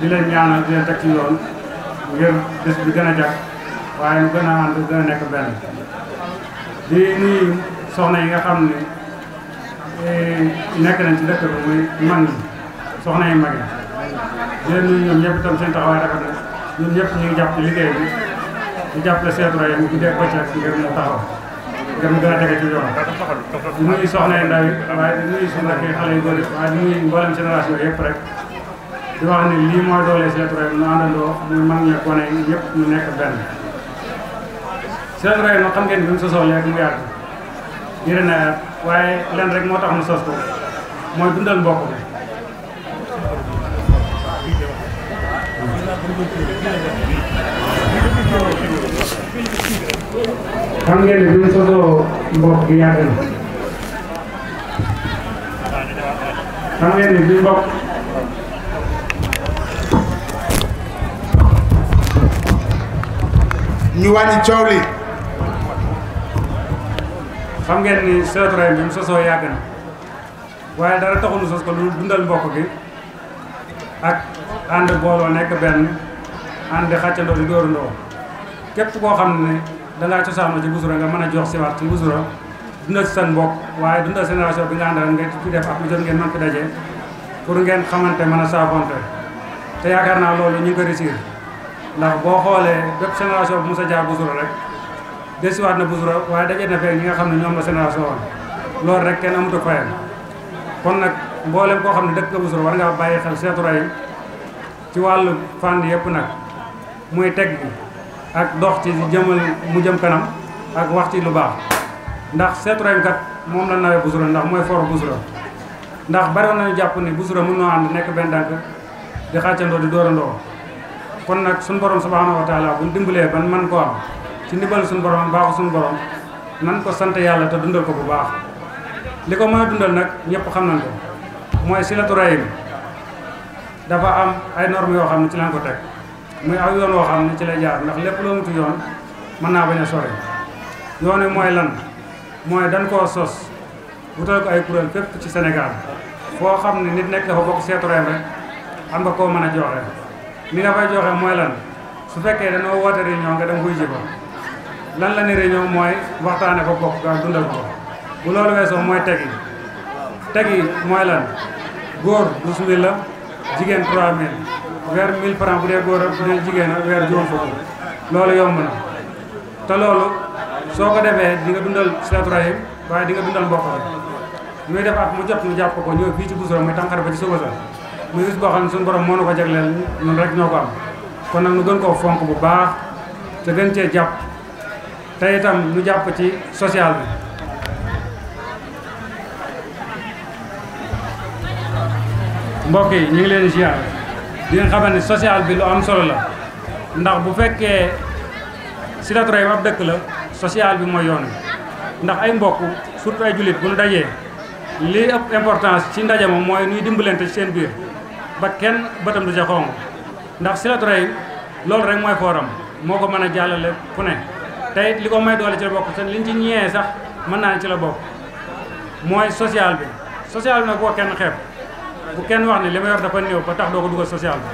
di leen ñaanal di leen teg ci yoon ngir bés bi gën a jàpp waaye mu gën a ànd gën a nekk benn di nuyu soxna yi nga xam ne eh, nekk nañ ci dëkk bi muy mag ñi soxna yi mag yi di leen nuyu ñoom ñëpp itam seen taxawaay rafet na ñun ñëpp ñu ngi jàpp ci liggéey bi di jàppale seetu rek ñu guddee bëccëg ngir mu taxaw gën gën a tege ci yoon di nuyu soxna yi ndaw yi waaye di nuyu suñu rakk yi xale yu góor yi waaye di nuyu mboolem génération yëpp rek di wax ni lii mooy doole Seen Roy ñu àndandoo muy mag ñeeg gone ñëpp ñu nekk benn Seen Roy ma xam ngeen bi mu sosoo léegi mu yàgg jërë na waaye leen rek moo tax mu sos ko mooy dundal mbokk mi Thank you. xam ngeen ne bi mu sosoo mbokk bi yàgg na xam ngeen ne bi mbokk ñu wàññi coow li ngeen ni seetraay bi mu sosoo yàgg na waaye dara taxul nu sos ko lu dundal mbokk gi ak ànd booloo nekk benn ànd xàccandoo di dóorandoo képp koo xam ne dangaa cosaanoo ci busura nga mën a jox siwaat ci busura dundal si seen mbokk waaye dundal génération bi nga àndal ngeen ci def ak lu jot ngeen mën ko daje pour ngeen xamante mën a saafonte te yaakaar naa loolu ñu ngi ko réussir ndax boo xoolee bépp génération bu mos a jaar busura rek desiwaat na busura waaye daje na fekk ñi nga xam ne ñoom la génération woon loolu rek kenn amatu fayam kon nag mboolem koo xam ne dëkk nga busura war ngaa bàyyi xel seeturaay ci wàllu fànn yëpp nag muy teg bi ak dox ci jëmal mu jëm kanam ak wax lu baax ndax seeturañ kat moom la nawee busura ndax mooy for busura ndax bari nañu jàpp ni busura mën noo ànd nekk benn dànk di xàccandoo di doorandoo kon nag suñu borom subhanahu wa taala buñ dimbalee ban man koo am ci ndimbal suñu borom baaxu suñu borom nan ko sant yàlla te dundal ko bu baax li ko mën a dundal nag ñëpp xam nañ ko mooy silatu rahim dafa am ay normes yoo xam ne ci lañ ko teg muy aw yoon woo xam ne ci lay ndax lépp loo mutu yoon mën naa bañ a sore yoon wi mooy lan mooy dañ koo sos wutal ko ay kuréel fépp ci Sénégal foo xam ne nit nekk dafa bokk seetureen rek am nga koo mën a joxe ni nga fay joxe mooy lan su fekkee dañoo woote réunion nga dem wuy ji lan la ni réunion mooy waxtaane ko bokk ga dundal ko bu loolu weesoo mooy teg yi teg lan góor douze mille la jigéen trois mille weer 1000 francs bu dee góor a bu dee jigéen ak weer juróom fukk loolu yomb na te loolu soo ko defee di nga dundal salaatu rahim waaye di dundal mbokk mi muy def at mu jot ñu jàpp ko ñëw fii ci Boussoro muy tànqare ba ci suba sa muy gis boo xam ne suñu borom moo nu ko jagleel ñun rek ñoo ko am kon nag ñu gën koo fonk bu baax te gën cee jàpp te itam ñu jàpp ci social bi mbokk yi ñu ngi leen dina xamal ne social bi lu am solo la ndax bu fekkee Cité Lorraine ab dëkk la social bi mooy yoon ndax ay mbokk surtout ay jullit bu ñu dajee li ëpp importance ci ndaje moom mooy nuy dimbalante ci seen biir ba kenn bëtam du ca xong ndax Cité Lorraine loolu rek mooy fooram moo ko mën a jàllale fu ne tey li ko may doole ci la bokk te ci ñëwee sax mën naa ne ci la mooy social bi social bi nag boo kenn xeeb bu kenn wax ne li ma yor dafa néew ba tax doo ko dugal social bi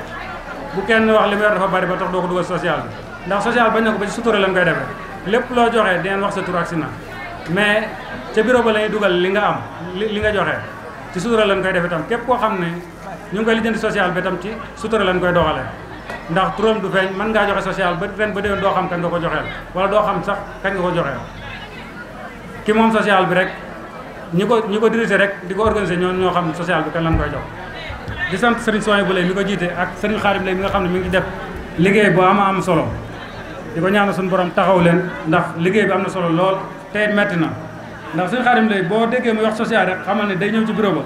bu kenn wax li ma yor dafa bari ba tax doo ko dugal social bi ndax social bañ na ko ba ci sutura lañ koy defee lépp loo joxe dinañ wax sa tur ak si na mais la ñuy li nga am li nga joxe ci sutura lañ koy defee tam képp koo xam ne ñu nga koy lijjanti social bi tam ci sutura lañ koy doxalee ndax turam du feeñ mën ngaa joxe social ba ren ba déwén doo xam kañ nga ko joxeel wala doo xam sax kañ nga ko joxeel ki moom ñi ko ñi ko dirigé rek di ko organisé ñoo ñoo xam social bi kan lan koy jox di sant sëriñ Sonia bu lay mi ko jiite ak sëriñ Xaadim lay mi nga xam ne mi ngi def liggéey bu am am solo di ko ñaanal suñu borom taxaw leen ndax liggéey bi am na solo lool tey metti na ndax sëriñ Xaadim boo déggee muy wax social rek xamal ne day ñëw ci bureau ba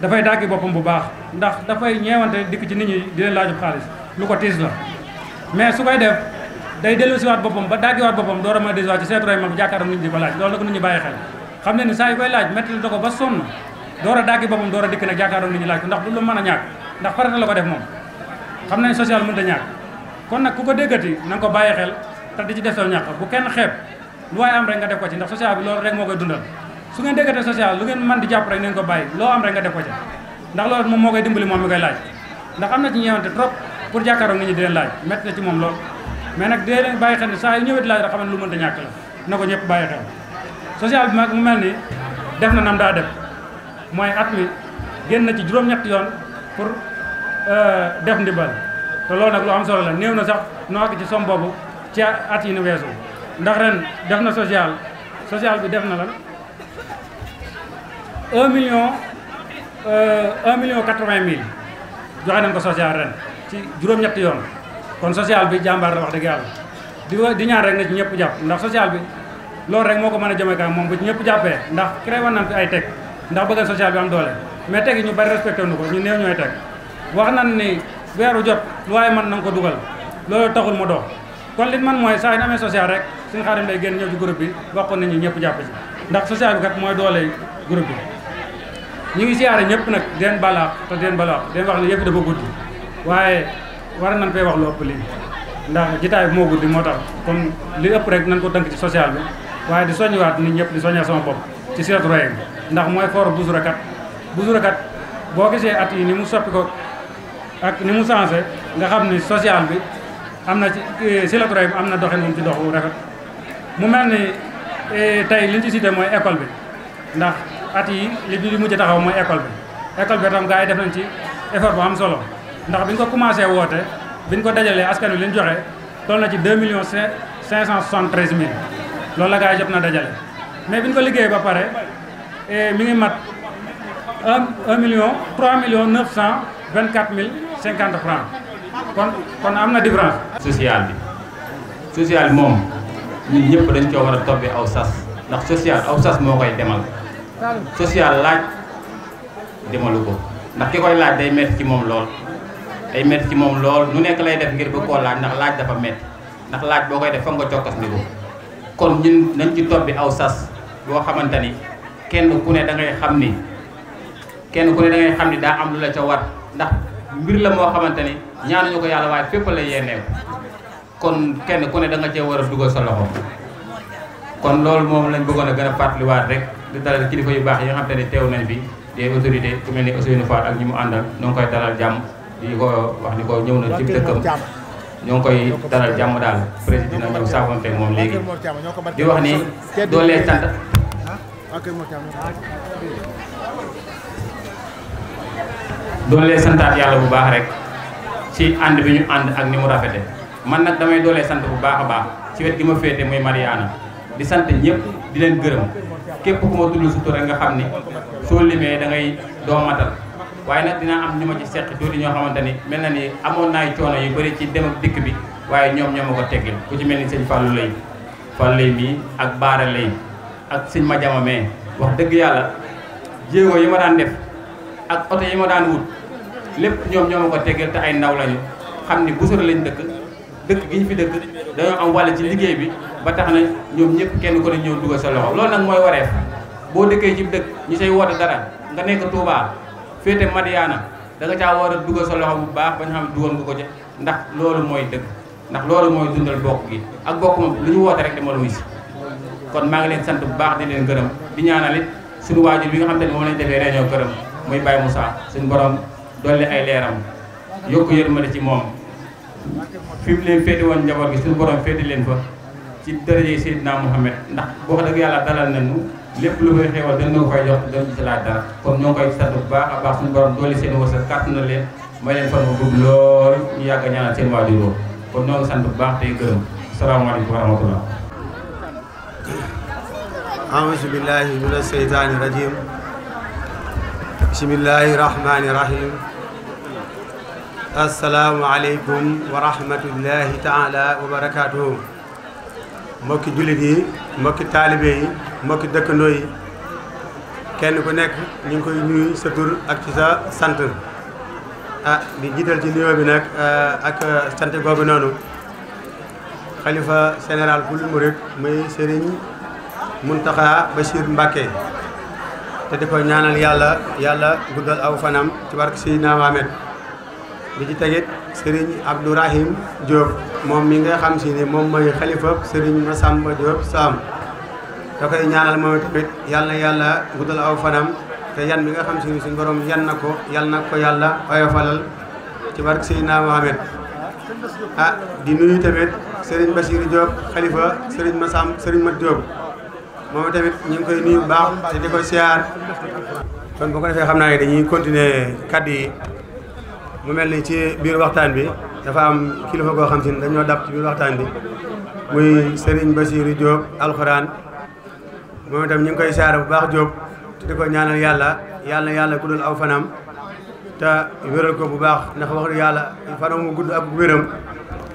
dafay dàggi boppam bu baax ndax dafay ñeewante dikk ci nit ñi di leen laajub xaalis lu ko tiis la mais su a mën a dellusiwaat ci seetu roy ma bi xam ne ni saa yu koy laaj métti ko ba sonn door a daggi boppam door a dikk nag yaakaaroon ni ñu laaj ko ndax du lu mën a ñàkk ndax farata ko def moom xam ne social mënut a ñàkk kon nag ku ko déggati na nga ko bàyyi xel te di ci def soo ñàkk bu kenn xeeb lu waaye am rek nga def ko ci ndax social bi loolu rek moo koy dundal su ngeen déggatee social lu ngeen mën di jàpp rek ngeen ko bàyyi loo am rek nga def ko ci ndax loolu moom koy dimbali moom mi koy am na ci ñeewante trop pour jàkkaaroon nit ñi di leen na ci moom lool mais nag dee leen bàyyi xel ne saa la na ko ñëpp bàyyi xel sociale bi mag mu mel ni def na nam daa def mooy at mi génn na ci juróom-ñetti yoon pour euh, def ndimbal te loolu nag lu am solo la néew na sax nu àgg ci som boobu ci at yi nu weesu ndax ren def na social social bi def na lan un million euh, un million quatre-vingt mille joxe nañ ko social ren ci juróom-ñetti yoon kon sociale bi jàmbaar la wax dëgg yàlla di di ñaan rek na ci ñëpp jàpp ndax social bi loolu rek moo ko mën a jëmee kanam moom bu ci ñëpp jàppee ndax créé woon nañ fi ay teg ndax bëgg social bi am doole mais teg yi ñu bari respecté nu ko ñu néew ñooy teg wax nañ ni weeru jot lu waaye mën na ko dugal loolu taxul mu dox kon li man mooy saa yu amee social rek suñu xaarim day génn ñëw ci groupe bi wax ko nit ñi ñëpp jàpp ci ndax social bi kat mooy doole groupe bi ñu ngi siyaare ñëpp nag den balaax te den balaax den wax ne yëpp dafa guddi waaye war nañ fay wax lu lii ndax jitaay moo guddi moo tax kon li ëpp rek nañ ko tënk ci social bi waaye di soññiwaat nit ñëpp di soññal sama bopp ci seet roye ndax mooy fooru busura kat busura kat boo gisee at yi ni mu soppi ko ak ni mu changé nga xam ni social bi am na ci eh, silat roye am na doxin moom ci doxu rafet mu mel ni eh, tey liñ ci cité mooy école bi ndax at yi li bi di mujj taxaw mooy école bi école bi tam gaa yi def nañ ci effort bu am solo ndax biñ ko commencé woote biñ ko dajalee askan wi liñ joxe toll na ci deux millions cinq cent soixante-treize loolu la gaa jot na dajale mais bi ñu ko liggéeyee ba pare eh, mi ngi mat un un million trois millions neuf cent vingt quatre mille cinquante francs kon kon am na différence. social bi social bi moom ñun ñëpp dañ coo war a toppee aw sas ndax social aw sas moo koy demal social laaj demalu ko ndax ki koy laaj day metti ci moom lool. day métti ci moom lool nu nekk lay def ngir bëgg koo laaj ndax laaj dafa métti ndax laaj boo koy def foog nga cokkas ko kon ñun nañ ci bi aw sas boo xamante ni kenn ku ne da ngay xam ni kenn ku ne da ngay ni daa am lu la ca war ndax mbir la moo xamante ni ñaanuñu ko yàlla waaye fépp la yéeneew kon kenn ku ne da nga cee war a dugal sa loxo kon loolu moom lañ bëggoon a gën a fàttaliwaat rek di dalal kilifa yu baax yi nga xamante ne teew nañ fi des autorités ku mel ni Ousseynou ak ñi mu àndal ñoo ngi koy dalal jàmm di ko wax ni ko ñëw na ci dëkkam. ñoo ngi koy dalal jàmm daal président dina ñëw saafonte moom léegi di wax ni doolee cant doolee santaat yàlla bu baax rek ci ànd bi ñu ànd ak ni mu rafete man nag damay doolee sant bu baax a baax ci wet gi ma féete muy Mariana di sant ñëpp di leen gërëm képp ku ma tudd sutura nga xam ni soo limee da ngay doo matal waaye nag dinaa am ñu ma ci seq tuuti ñoo xamante ni mel na ni amoon naay coono yu bëri ci dem dikk bi waaye ñoom ñoo ko teggil ku ci mel ni sëñ Fallou lay Fallou lay ak Baara ak sëñ ma jama mee wax dëgg yàlla jéego yi ma daan def ak oto yi ma daan wut lépp ñoom ko teggil te ay ndaw lañu xam ni busor lañ dëkk dëkk gi ñu fi dëkk dañoo am wàll ci liggéey bi ba tax na ñoom ñëpp kenn ko ne ñëw dugal sa loxo loolu nag mooy wareef boo dëkkee ci dëkk ñu say woote dara nga nekk Touba féete madiyaana da nga caa war a dugal sa loxo bu baax ba ñu xam ne dugal ko ca ndax loolu mooy dëgg ndax loolu mooy dundal bokk gi ak bokk moom lu ñu woote rek dama la si kon maa ngi leen sant bu baax di leen gërëm bi ñaanal it suñu waajur bi nga xam te ne moom lañ defee réunion këram muy Baye musaa suñu borom dool ay leeram yokk yërmande ci moom fi mu leen féete woon njaboot gi suñu boroom féete leen fa ci dërëje Seydina Mouhamed ndax boo ko dëgg yàlla dalal nañu lépp lu koy xewal dañ ko fay jox dañ ci laaj dara kon ñoo ngi koy sant bu baax a baax suñu borom doole seen wërsëg kàtt na leen may leen fan bu gudd lool ñu yàgg a ñaanal seen waajur kon ñoo ngi sant bu baax tey gërëm salaamaaleykum wa rahmatullah aouzu billahi min asheytaani rajim bismillahi rahmaani rahim asalaamu aleykum wa rahmatullahi taala wa barakatuhu mbokki jullit yi mbokki taalibe yi mbokki dëkkandoo yi kenn ku nekk ñu ngi koy nuyu sa tur ak ci sa sant ah di jiital ci nuyoo bi nag ah, ak sant googu noonu xalifa général bu murit muy Serigne Mountakha Bachir Mbacké te di ko ñaanal yàlla yàlla guddal aw fanam ci war Seydina Mohamed bi ci tegit sëriñ Abdourahim Diop moom mi nga xam si ni moom mooy xalifa sëriñ Massamba Diop Sam da koy ñaanal moom tamit yàlla na yàlla guddal aw fanam te yan mi nga xam si ni suñ borom yan na ko yàlla na ko yàlla oyofalal ci barke Seydina Mohamed ah di nuyu tamit sëriñ Bassirou Diop xalifa sëriñ Massam sëriñ Mat Diop moom tamit ñu ngi koy nuyu bu baax te di ko siyaar kon bu ko defee xam naa ne dañuy continuer kaddu yi mu mel ni ci biir waxtaan bi dafa am kilifa goo xam si ne dañoo dab ci biir waxtaan bi muy Serigne Bassirou Diop alxuraan moom itam ñu ngi koy saara bu baax Diop te di ko ñaanal yàlla yàlla yàlla guddal aw fanaam te wéral ko bu baax ndax wax yàlla fanam mu gudd ak wéram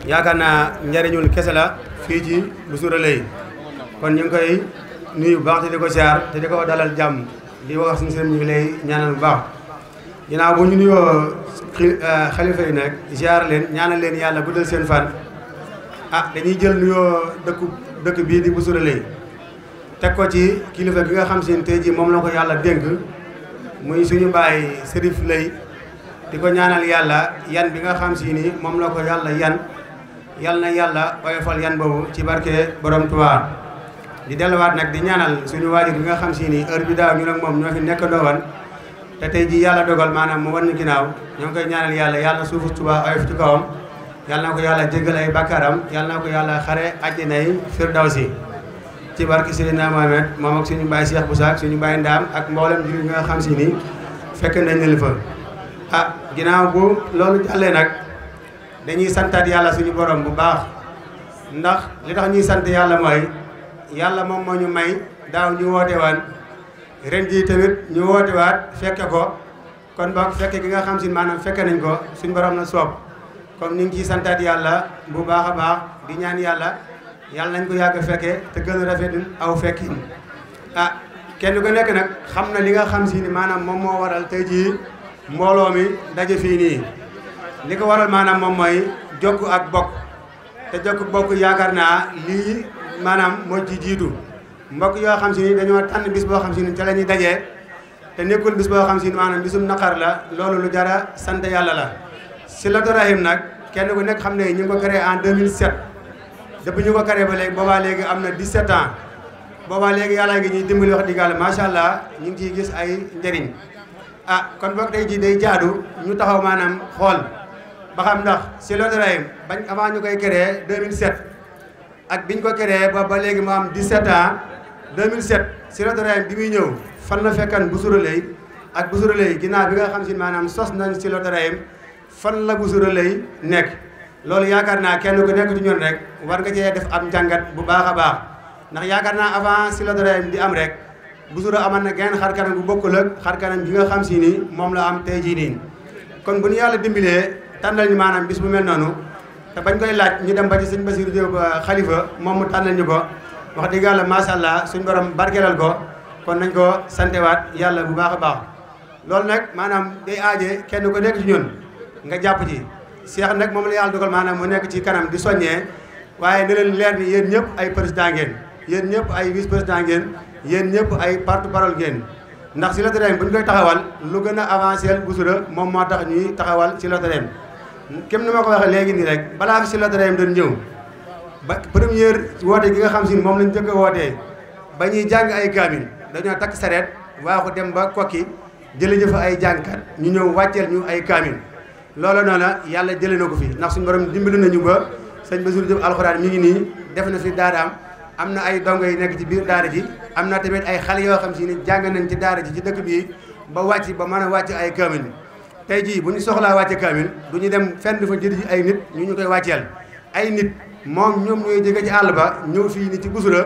yaakaar naa njariñul kese la fii ci bu suurale kon ñu ngi koy nuyu bu baax te di ko saar te di ko dalal jàmm li wax suñu sëriñ ñu ngi lay ñaanal bu baax ginnaaw bu ñu nuyoo euh, xalifa yi nag ziar leen ñaanal leen yàlla bu del seen fan ah dañuy jël nuyoo dëkku dëkk bii di Bichri Leye teg ko ci kilifa bi nga xam si seen tey jii moom la ko yàlla dénk muy suñu bàyyi Serif Leye di ko ñaanal yàlla yan bi nga xam si ni moom la ko yàlla yan yal na yàlla oyofal yan boobu ci barke borom Tuubaa di delluwaat nag di ñaanal suñu waajur bi nga xam si ni heure bi daaw ñu nag moom ñoo fi nekk ndoowan te tey jii yàlla dogal maanaam mu wan na ginnaaw ñoo ngi koy ñaanal yàlla yàlla suufu Tuubaa oyof ci kawam yàlla na ko yàlla jéggal ay bàkkaaram yàlla na ko yàlla xare àjjana yi si ci barke Seydina Mohamed moom ak suñu baay Cheikh Boussa suñu baay Ndaam ak mboolem jullit ñi nga xam si nii fekk nañ leen ah ginnaaw bu loolu jàllee nag dañuy santaat yàlla suñu borom bu baax ndax li tax ñuy sant yàlla mooy yàlla moom moo ñu may daaw ñu woote waan ren jii tamit ñu woote waat fekke ko kon boog fekke gi nga xam si maanaam fekke nañ ko suñ borom na soob kon ñu ngi ciy santaat yàlla bu baax a baax di ñaan yàlla yàlla nañ ko yàgg a fekke te gën a rafet aw fekkin ah kenn ku nekk nag xam na li nga xam si ni maanaam moom moo waral tey jii mbooloo mi daje fii nii li ko waral maanaam moom mooy jokk ak bokk te jokk bokk yaakaar naa lii maanaam moo ci jiitu mbokk yoo xam si ni dañoo tànn bis boo xam si ni ca la ñuy dajee te nekkul bis boo xam si ni maanaam bisum naqar la loolu lu jara sant yàlla la Silatu Rahim nag kenn ku nekk xam ne ñu ngi ko créé en 2007 depuis ñu ko créé ba léegi boobaa léegi am na 17 ans boobaa léegi yàlla ngi ñuy dimbali wax digàll macha allah ñu ngi ciy gis ay njëriñ ah kon boog tey jii day jaadu ñu taxaw maanaam xool ba xam ndax Silatu Rahim bañ avant ñu koy créé 2007 ak biñ ko créé ba ba léegi mu am 17 ans 2007 Siratu Rahim bi muy ñëw fan la fekkan Boussirou Laye ak Boussirou Laye ginnaaw bi nga xam si maanaam sos nañ Siratu Rahim fan la Boussirou Laye nekk loolu yaakaar naa kenn ku nekk ci ñun rek war nga cee def am njàngat bu baax a baax ndax yaakaar naa avant Siratu Rahim di am rek Boussirou amoon na genn xar kanam bu bokkul ak xar kanam gi nga xam si nii moom la am tey jii nii kon bu ñu yàlla dimbalee tànnal ñu maanaam bis bu mel noonu te bañ koy laaj ñu dem ba ci sëñ Bassirou Diop xalifa moom mu tànnal ñu ko wax dëgg yàlla macha allah suñu borom barkeelal ko kon nañ ko santewaat yàlla bu baax a baax loolu nag maanaam day aaje kenn ko nekk ci ñun nga jàpp ci seex nag moom la yàlla dogal maanaam mu nekk ci kanam di soññee waaye ne leen leer ni yéen ñëpp ay président ngeen yéen ñëpp ay vice président ngeen yéen ñëpp ay porte-parole ngeen ndax si loterie bu ñu koy taxawal lu gën a avancé Bichri moom moo tax ñuy taxawal si loterie. kéem ni ma ko waxee léegi nii rek balaa si loterie doon ñëw. ba première woote gi nga xam si moom lañu njëkk a wootee ba ñuy jàng ay kaamil dañoo takk sareet ko dem ba kokki jëlee fa ay jàngkat ñu ñëw wàcceel ñu ay kaamil loolu noona yàlla jëlee na ko fi ndax suñu borom dimbali nañu ba sëñ Bassirou Diop alxuraan mi ngi nii def na fi daaraam am na ay dongo yi nekk ci biir daara ji am na tamit ay xale yoo xam si ne jàng nañ ci daara ji ci dëkk bii ba wàcc ba mën a wàcc ay kaamil tey jii bu ñu soxlaa wàcce kaamil du ñu dem fenn fa jëri ji ay nit ñu ñu koy wàcceel ay nit moom ñoom ñooy jóge ci àll ba ñëw fii ni ci busura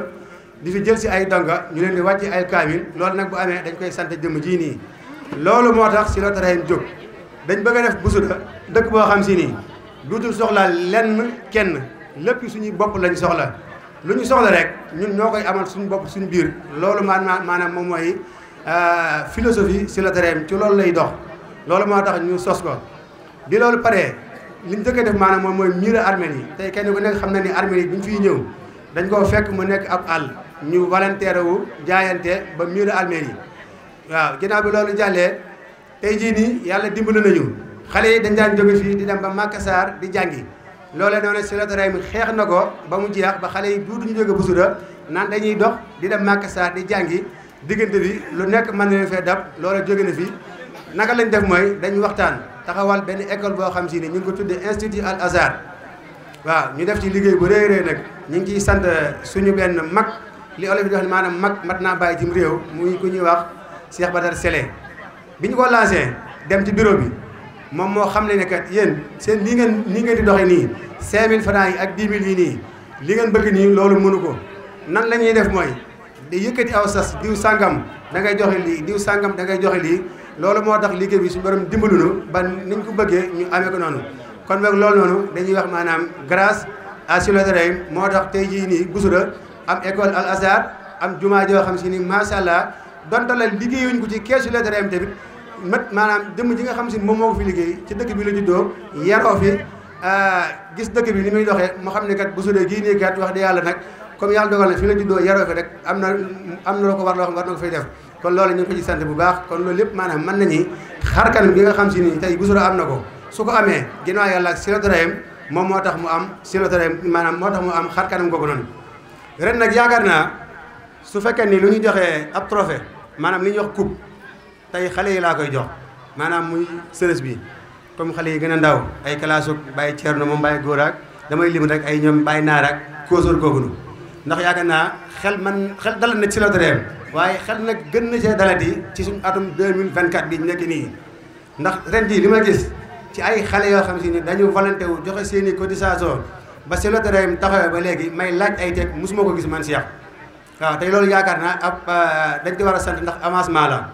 di fi jël si ay donga ñu leen di wàcc ay kaamil loolu nag bu amee dañ koy sant jëmm jii nii loolu moo tax si la tarayen jóg dañ bëgg a def busura dëkk boo xam si nii duutul soxla lenn kenn lépp suñuy bopp lañ soxla lu ñu soxla rek ñun ñoo koy amal suñu bopp suñu biir loolu maanaam maanaam moom mooy euh, philosophie si la tarayen ci loolu lay dox loolu moo tax ñu sos ko bi loolu paree li ñu njëkk def maanaam moom mooy miir armeel yi tey kenn ku nekk xam na ni armeel yi bi ñu fiy ñëw dañ koo fekk mu nekk ab àll ñu volontaire wu jaayante ba miir armeel yi waaw ginnaaw bi loolu jàllee tey jii nii yàlla dimbali nañu xale yi dañ daan jóge fii di dem ba Makassar di jàngi loolee noonu Silatou Rahimi xeex na ko ba mu jeex ba xale yi duutuñu jóge bu suda naan dañuy dox di dem Makassar di jàngi diggante bi lu nekk mën na leen fee dab loola jóge na fi naka lañ def mooy dañu waxtaan taxawal benn école boo xam si ne ñu ngi ko tuddee institut al azhar waaw ñu def ci liggéey bu rëy rëy nag ñu ngi ciy sant suñu benn mag li olof di wax maanaam mag mat naa bàyyi ci réew muy ku ñuy wax Cheikh Badar Sele bi ñu ko lancé dem ci bureau bi moom moo xam ne ne kat yéen seen li ngeen ni ngeen di doxee nii 5000 francs yi ak 10 000 yi nii li ngeen bëgg nii loolu mënu ko nan la ñuy def mooy da yëkkati aw sas diw sàngam da ngay joxe lii diw sàngam da ngay joxe lii loolu moo tax liggéey bi suñu borom dimbalu nu ba ñu ko bëggee ñu amee ko noonu kon nag loolu noonu dañuy wax maanaam grâce à Sylvia Daraim moo tax tey jii nii Goussouta am école al azhar am jumaa joo xam si ni macha allah donte la liggéeyuñ ko ci kees Sylvia Daraim tamit mat maanaam jëmm ji nga xam si moom moo ko fi liggéey ci dëkk bi la juddoo yaroo fi ah, gis ni muy doxee mu xam ne kat Goussouta gii nii kat wax dëgg yàlla nag comme yàlla dogal na fi la juddoo yaroo fi rek na am na loo ko war loo xam war na ko fay kon loolu ñu ngi ko ci sant bu baax kon loolu lépp maanaam mën nañu xarkanam bi nga xam si ni tey Bichra am na ko su ko amee ginnaaw yàlla ak Sylvain Dorayem moom moo tax mu am Sylvain Dorayem maanaam moo tax mu am xarkanam googu noonu ren nag yaakaar naa su fekkee nii lu ñu joxee ab trophée maanaam li ñuy wax coupe tey xale yi laa koy jox maanaam muy sërës bi comme xale yi gën a ndaw ay classe Baye Thierno moom Baye Góor ak damay lim rek ay ñoom Baye Naar ak Kosor googu ndax yaakaar naa xel man xel dal na ci la doreem waaye xel nag gën na see dalati ci suñu atum 2024 bi ñu nekk nii ndax ren jii li ma gis ci ay xale yoo xam si ne dañu volonté wu joxe seen i cotisation ba si la doreem taxawee ba léegi may laaj ay teg mosuma ko gis man Cheikh waaw tey loolu yaakaar naa ab euh, dañ ko war a sant ndax avancement la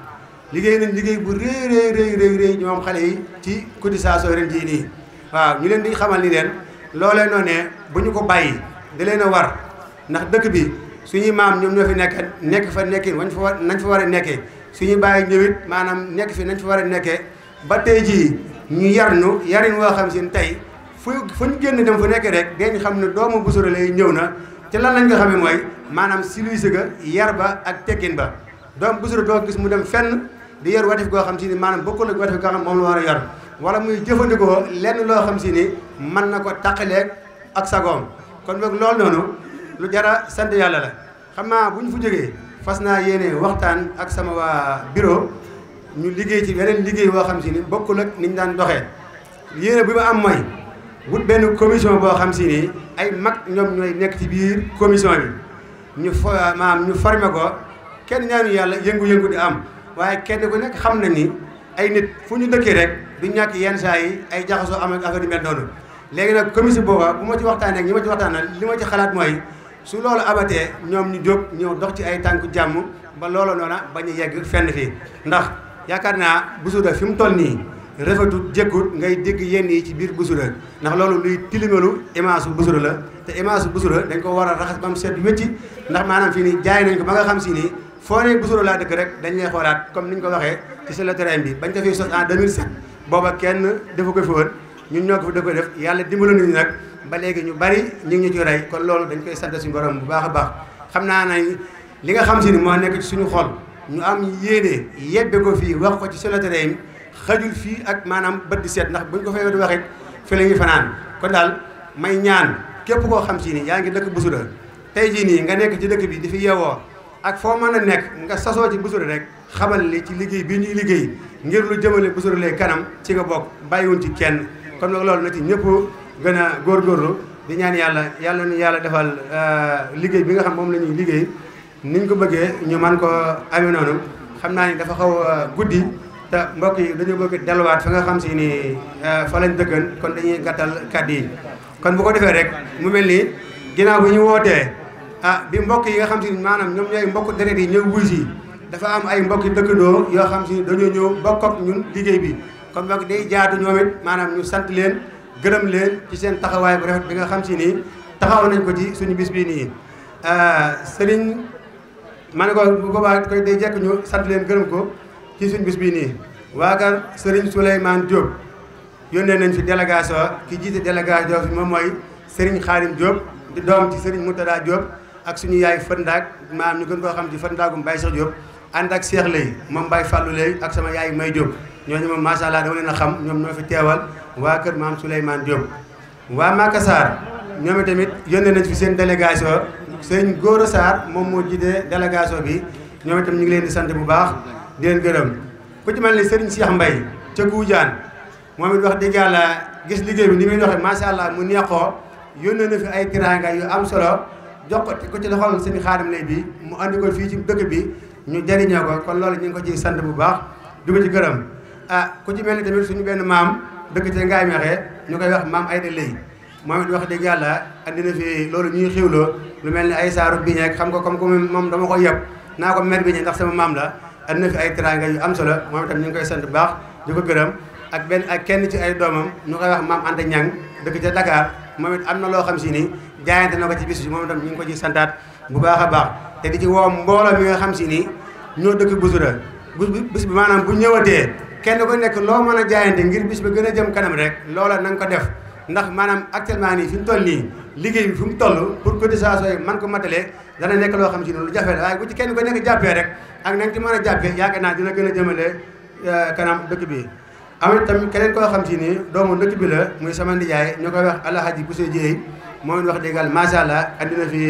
liggéey nañ liggéey bu rëy rëy rëy ñoom xale yi ci cotisation ren jii nii waaw ñu leen di xamal ni leen loolee noonu ne bu ñu ko bàyyi da leen a war ndax dëkk bi suñuy maam ñoom ñoo fi nekk nekk fa nekkin wañ fa war nañ fa war a nekkee suñu bàyyi ñëwit maanaam nekk fi nañ fa war a nekkee ba tey jii ñu yar nu yarin woo xam si tey fu fu ñu génn dem fu nekk rek dañ xam ne doomu Bichri lay ñëw na te lan lañ ko xamee mooy maanaam silwise ga yar ba ak tekkin ba doomu Bichri doo gis mu dem fenn di yor watif goo xam si ni maanaam bokkul ak watif goo xam moom la war a yor wala muy jëfandikoo lenn loo xam si ni mën na ko taqaleeg ak sagoom kon boog loolu noonu lu jara sant yàlla la xam naa bu ñu fu jógee fas naa yéene waxtaan ak sama waa bureau ñu liggéey ci beneen liggéey boo xam si ni bokkul ak ni ñu daan doxee yéene bi ma am mooy wut benn commission boo xam si ni ay mag ñoom ñooy nekk ci biir commission bi ñu fo maam ñu formé ko kenn ñaanu yàlla yëngu-yëngu di am waaye kenn ku nekk xam na ni ay nit fu ñu dëkkee rek du ñàkk yenn saa yi ay jaxasoo am ak affaire yu mel noonu léegi nag commission booba bu ci waxtaanee ak ñi su loolu abatee ñoom ñu jóg ñëw dox ci ay tànk jàmm ba loolu noona ba ñu yegg fenn fii ndax yaakaar naa Busuda fi mu toll nii rafetut jëkkut ngay dégg yenn yi ci biir Busuda ndax loolu luy tilimalu image bu Busuda la te image bu Busuda dañ ko war a raxas ba mu set wécci ndax maanaam fii nii jaay nañ ko ba nga xam si nii foo ne Busuda laa dëkk rek dañ lay xoolaat comme ni ñu ko waxee ci sur le bi bañ ko fiy sos en 2007 booba kenn defu ko fi woon ñun ñoo ko fa def yàlla dimbali nañu nag ba léegi ñu bari ñu ñu ci rey kon loolu dañ koy sant suñu borom bu baax a baax xam naa ne li nga xam si ni moo nekk ci suñu xol ñu am yéene yebbe ko fii wax ko ci solatere yi xajul fii ak maanaam bët di seet ndax buñ ko fay di waxee fi la ñuy fanaan kon daal may ñaan képp koo xam si ni yaa ngi dëkk Boussoura tey jii nii nga nekk ci dëkk bi di fi yeewoo ak foo mën a nekk nga sasoo ci Boussoura rek xamal li ci liggéey bi ñuy liggéey ngir lu jëmale Boussoura lay kanam ci nga bokk bàyyiwuñ ci kenn kon loolu na ci ñëpp gën a góor góorgóorlu di ñaan yàlla yàlla nu yàlla defal euh, liggéey bi nga xam moom lañuy liggéey niñ ko bëggee ñu man ko amee noonu xam naa ni dafa xaw a guddi te mbokk yi dañoo bëgg delluwaat fa nga xam si ni euh, fa lañ dëggan kon dañuy gàttal kàddu yi kon bu ko defee rek mu mel ni ginnaaw bi ñu wootee ah bi mbokk yi nga xam si ni maanaam ñoom ñooy mbokk deret yi ñëw wuy si dafa am ay mbokki dëkkandoo yoo xam si dañoo ñëw bokk ak ñun liggéey bi kon mbokk day jaatu ñoom maanaam ñu sant leen gërëm leen ci seen taxawaay bu rafet bi nga xam si nii taxaw nañ ko ci suñu bis bii nii euh, sëriñ ma ne ko bu boobaa koy day jekk ñu sant leen gërëm ko ci suñu bis bii nii waa kar sëriñ Souleymane Diop yónnee nañ fi délégation ki jiite délégation bi moom mooy sëriñ Xaarim Diop di doom ci sëriñ Moutada Diop ak suñu yaay Fandaak am ñu gën koo xam ci Fandaakum Baye Cheikh Diop ànd ak Cheikh Lay ma mbaay Fallou Lay ak sama yaay May Diop ñooñu moom macha allah leen a xam ñoom ñoo fi teewal waa kër maam Souleymane Diop waa Makassar ñoom tamit yónnee nañ fi seen délégation sëñ Gora Sarr moom moo jiite délégation bi ñoom itam ñu ngi leen di sant bu baax di leen gërëm ku ci mel ni Serigne Cheikh Mbaye ca Goudiane moom it wax dëgg gis liggéey bi ni muy doxee macha allah mu neexoo yónnee na fi ay tiraanga yu am solo jox ko ko ci loxol seen bi mu andi fii ci dëkk bi ñu jëriñoo ko kon loolu ñu ngi ko ciy sant bu baax du ko ci gërëm ah ku ci mel ni tamit suñu benn maam. dëkk ca ngaay mexee ñu koy wax maam ay da lay moom it wax dëgg yàlla andi na fi loolu ñuy xiwloo lu mel ni ay saaru biñeek xam ko comme comme moom dama ko yeb naa ko bi biñe ndax sama maam la andi na fi ay teraanga yu am solo moom itam ñu ngi koy sant baax di ko gërëm ak benn ak kenn ci ay doomam ñu koy wax maam Anta Ñang dëkk ca dakaar moom it am na loo xam si ni jaayante na ko ci bis bi moom itam ñu ngi ko ci santaat bu baax a baax te di ci woo mbooloo mi nga xam si ni ñoo dëkk busura bis bi maanaam bu ñëwatee kenn ku nekk loo mën a jaayante ngir bis ba gën a jëm kanam rek loola na nga ko def ndax maanaam actuellement nii fi mu toll nii liggéey bi fi mu toll pour cotisation yi man ko matalee dana nekk loo xam si ne lu jafe la waaye bu ci kenn jàppee rek ak na nga ci a jàppee yaakaar dina gën a jëmale eh, kanam dëkk bi amit tamit keneen koo xam si ni doomu dëkk bi la muy sama ndijaay ñu koy wax alhaji bu see jéey mooy wax dëggal macha allah andi na fi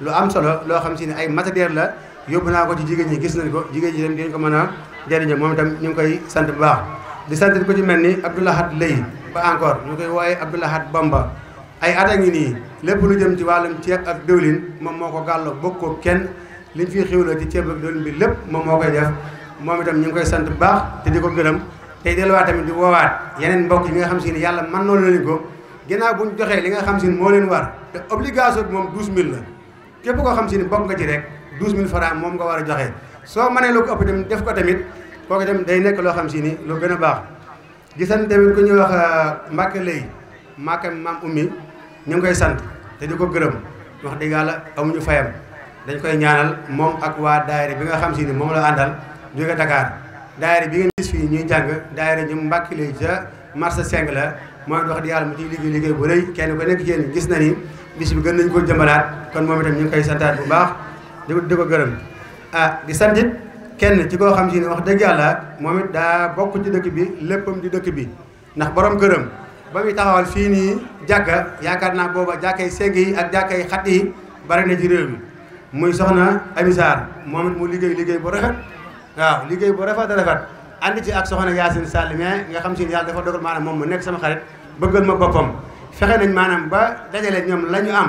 lu am solo loo xam si ne ay matériel la yóbbu naa ko ci jigéen ñi gis nañ ko jigéen ñi dem dañ ko mën a jariñam moom itam ñu ngi koy sant bu baax di sant ko ci mel ni Abdoulahat Lay ba encore ñu koy wooye Abdoulahat Bamba ay at a ngi nii lépp lu jëm ci wàllum ceeb ak diwlin moom moo ko gàlloo bokkoo kenn liñ fiy xiwloo ci ceeb ak diwlin bi lépp moom moo koy def moom itam ñu ngi koy sant bu baax te di ko gërëm tey delluwaat tamit di woowaat yeneen mbokk yi nga xam si ni yàlla man noonu leen ko ginnaaw bu ñu joxee li nga xam si ni moo leen war te obligation bi moom 12000 la képp koo xam si ni bokk nga ci rek 12000 francs moom nga war a joxe soo manee lu ko ëpp dem def ko tamit kooku dem day nekk loo xam si ni loo gën a baax gisan tamit ku ñu wax euh, Mbàkke lay maakam maam ummi ñu ngi koy sant te di ko gërëm wax dëgg yàlla amuñu fayam dañ koy ñaanal moom ak waa daayira bi nga xam si ni moom la àndal jóge Dakar daayira bi ngeen gis fii ñuy jàng daayira ñu Mbàkke lay ca marché cinq la mooy wax di yàlla mu ciy liggéey liggéey bu rëy kenn ku nekk yéen gis na ni bis bi gën nañ ko jëmbalaat kon moom itam ñu ngi koy santaat bu baax di ko di ko gërëm ah di sant kenn ci koo xam si ne wax dëgg yàlla moom it daa bokk ci dëkk bi léppam di dëkk bi ndax borom këram ba muy taxawal fii nii jàkka yaakaar naa booba jàkkay seng yi ak jàkk jàkkay xat yi bari na ci réew mi muy soxna Amy Sarr moom it mu liggéey liggéey bu rafet waaw liggéey bu rafet rafet ànd ci ak soxna Yacine Sall mais nga xam si ne yàlla dafa dogal maanaam moom mu nekk sama xarit bëggal ma boppam fexe nañ maanaam ba dajale ñoom lañu am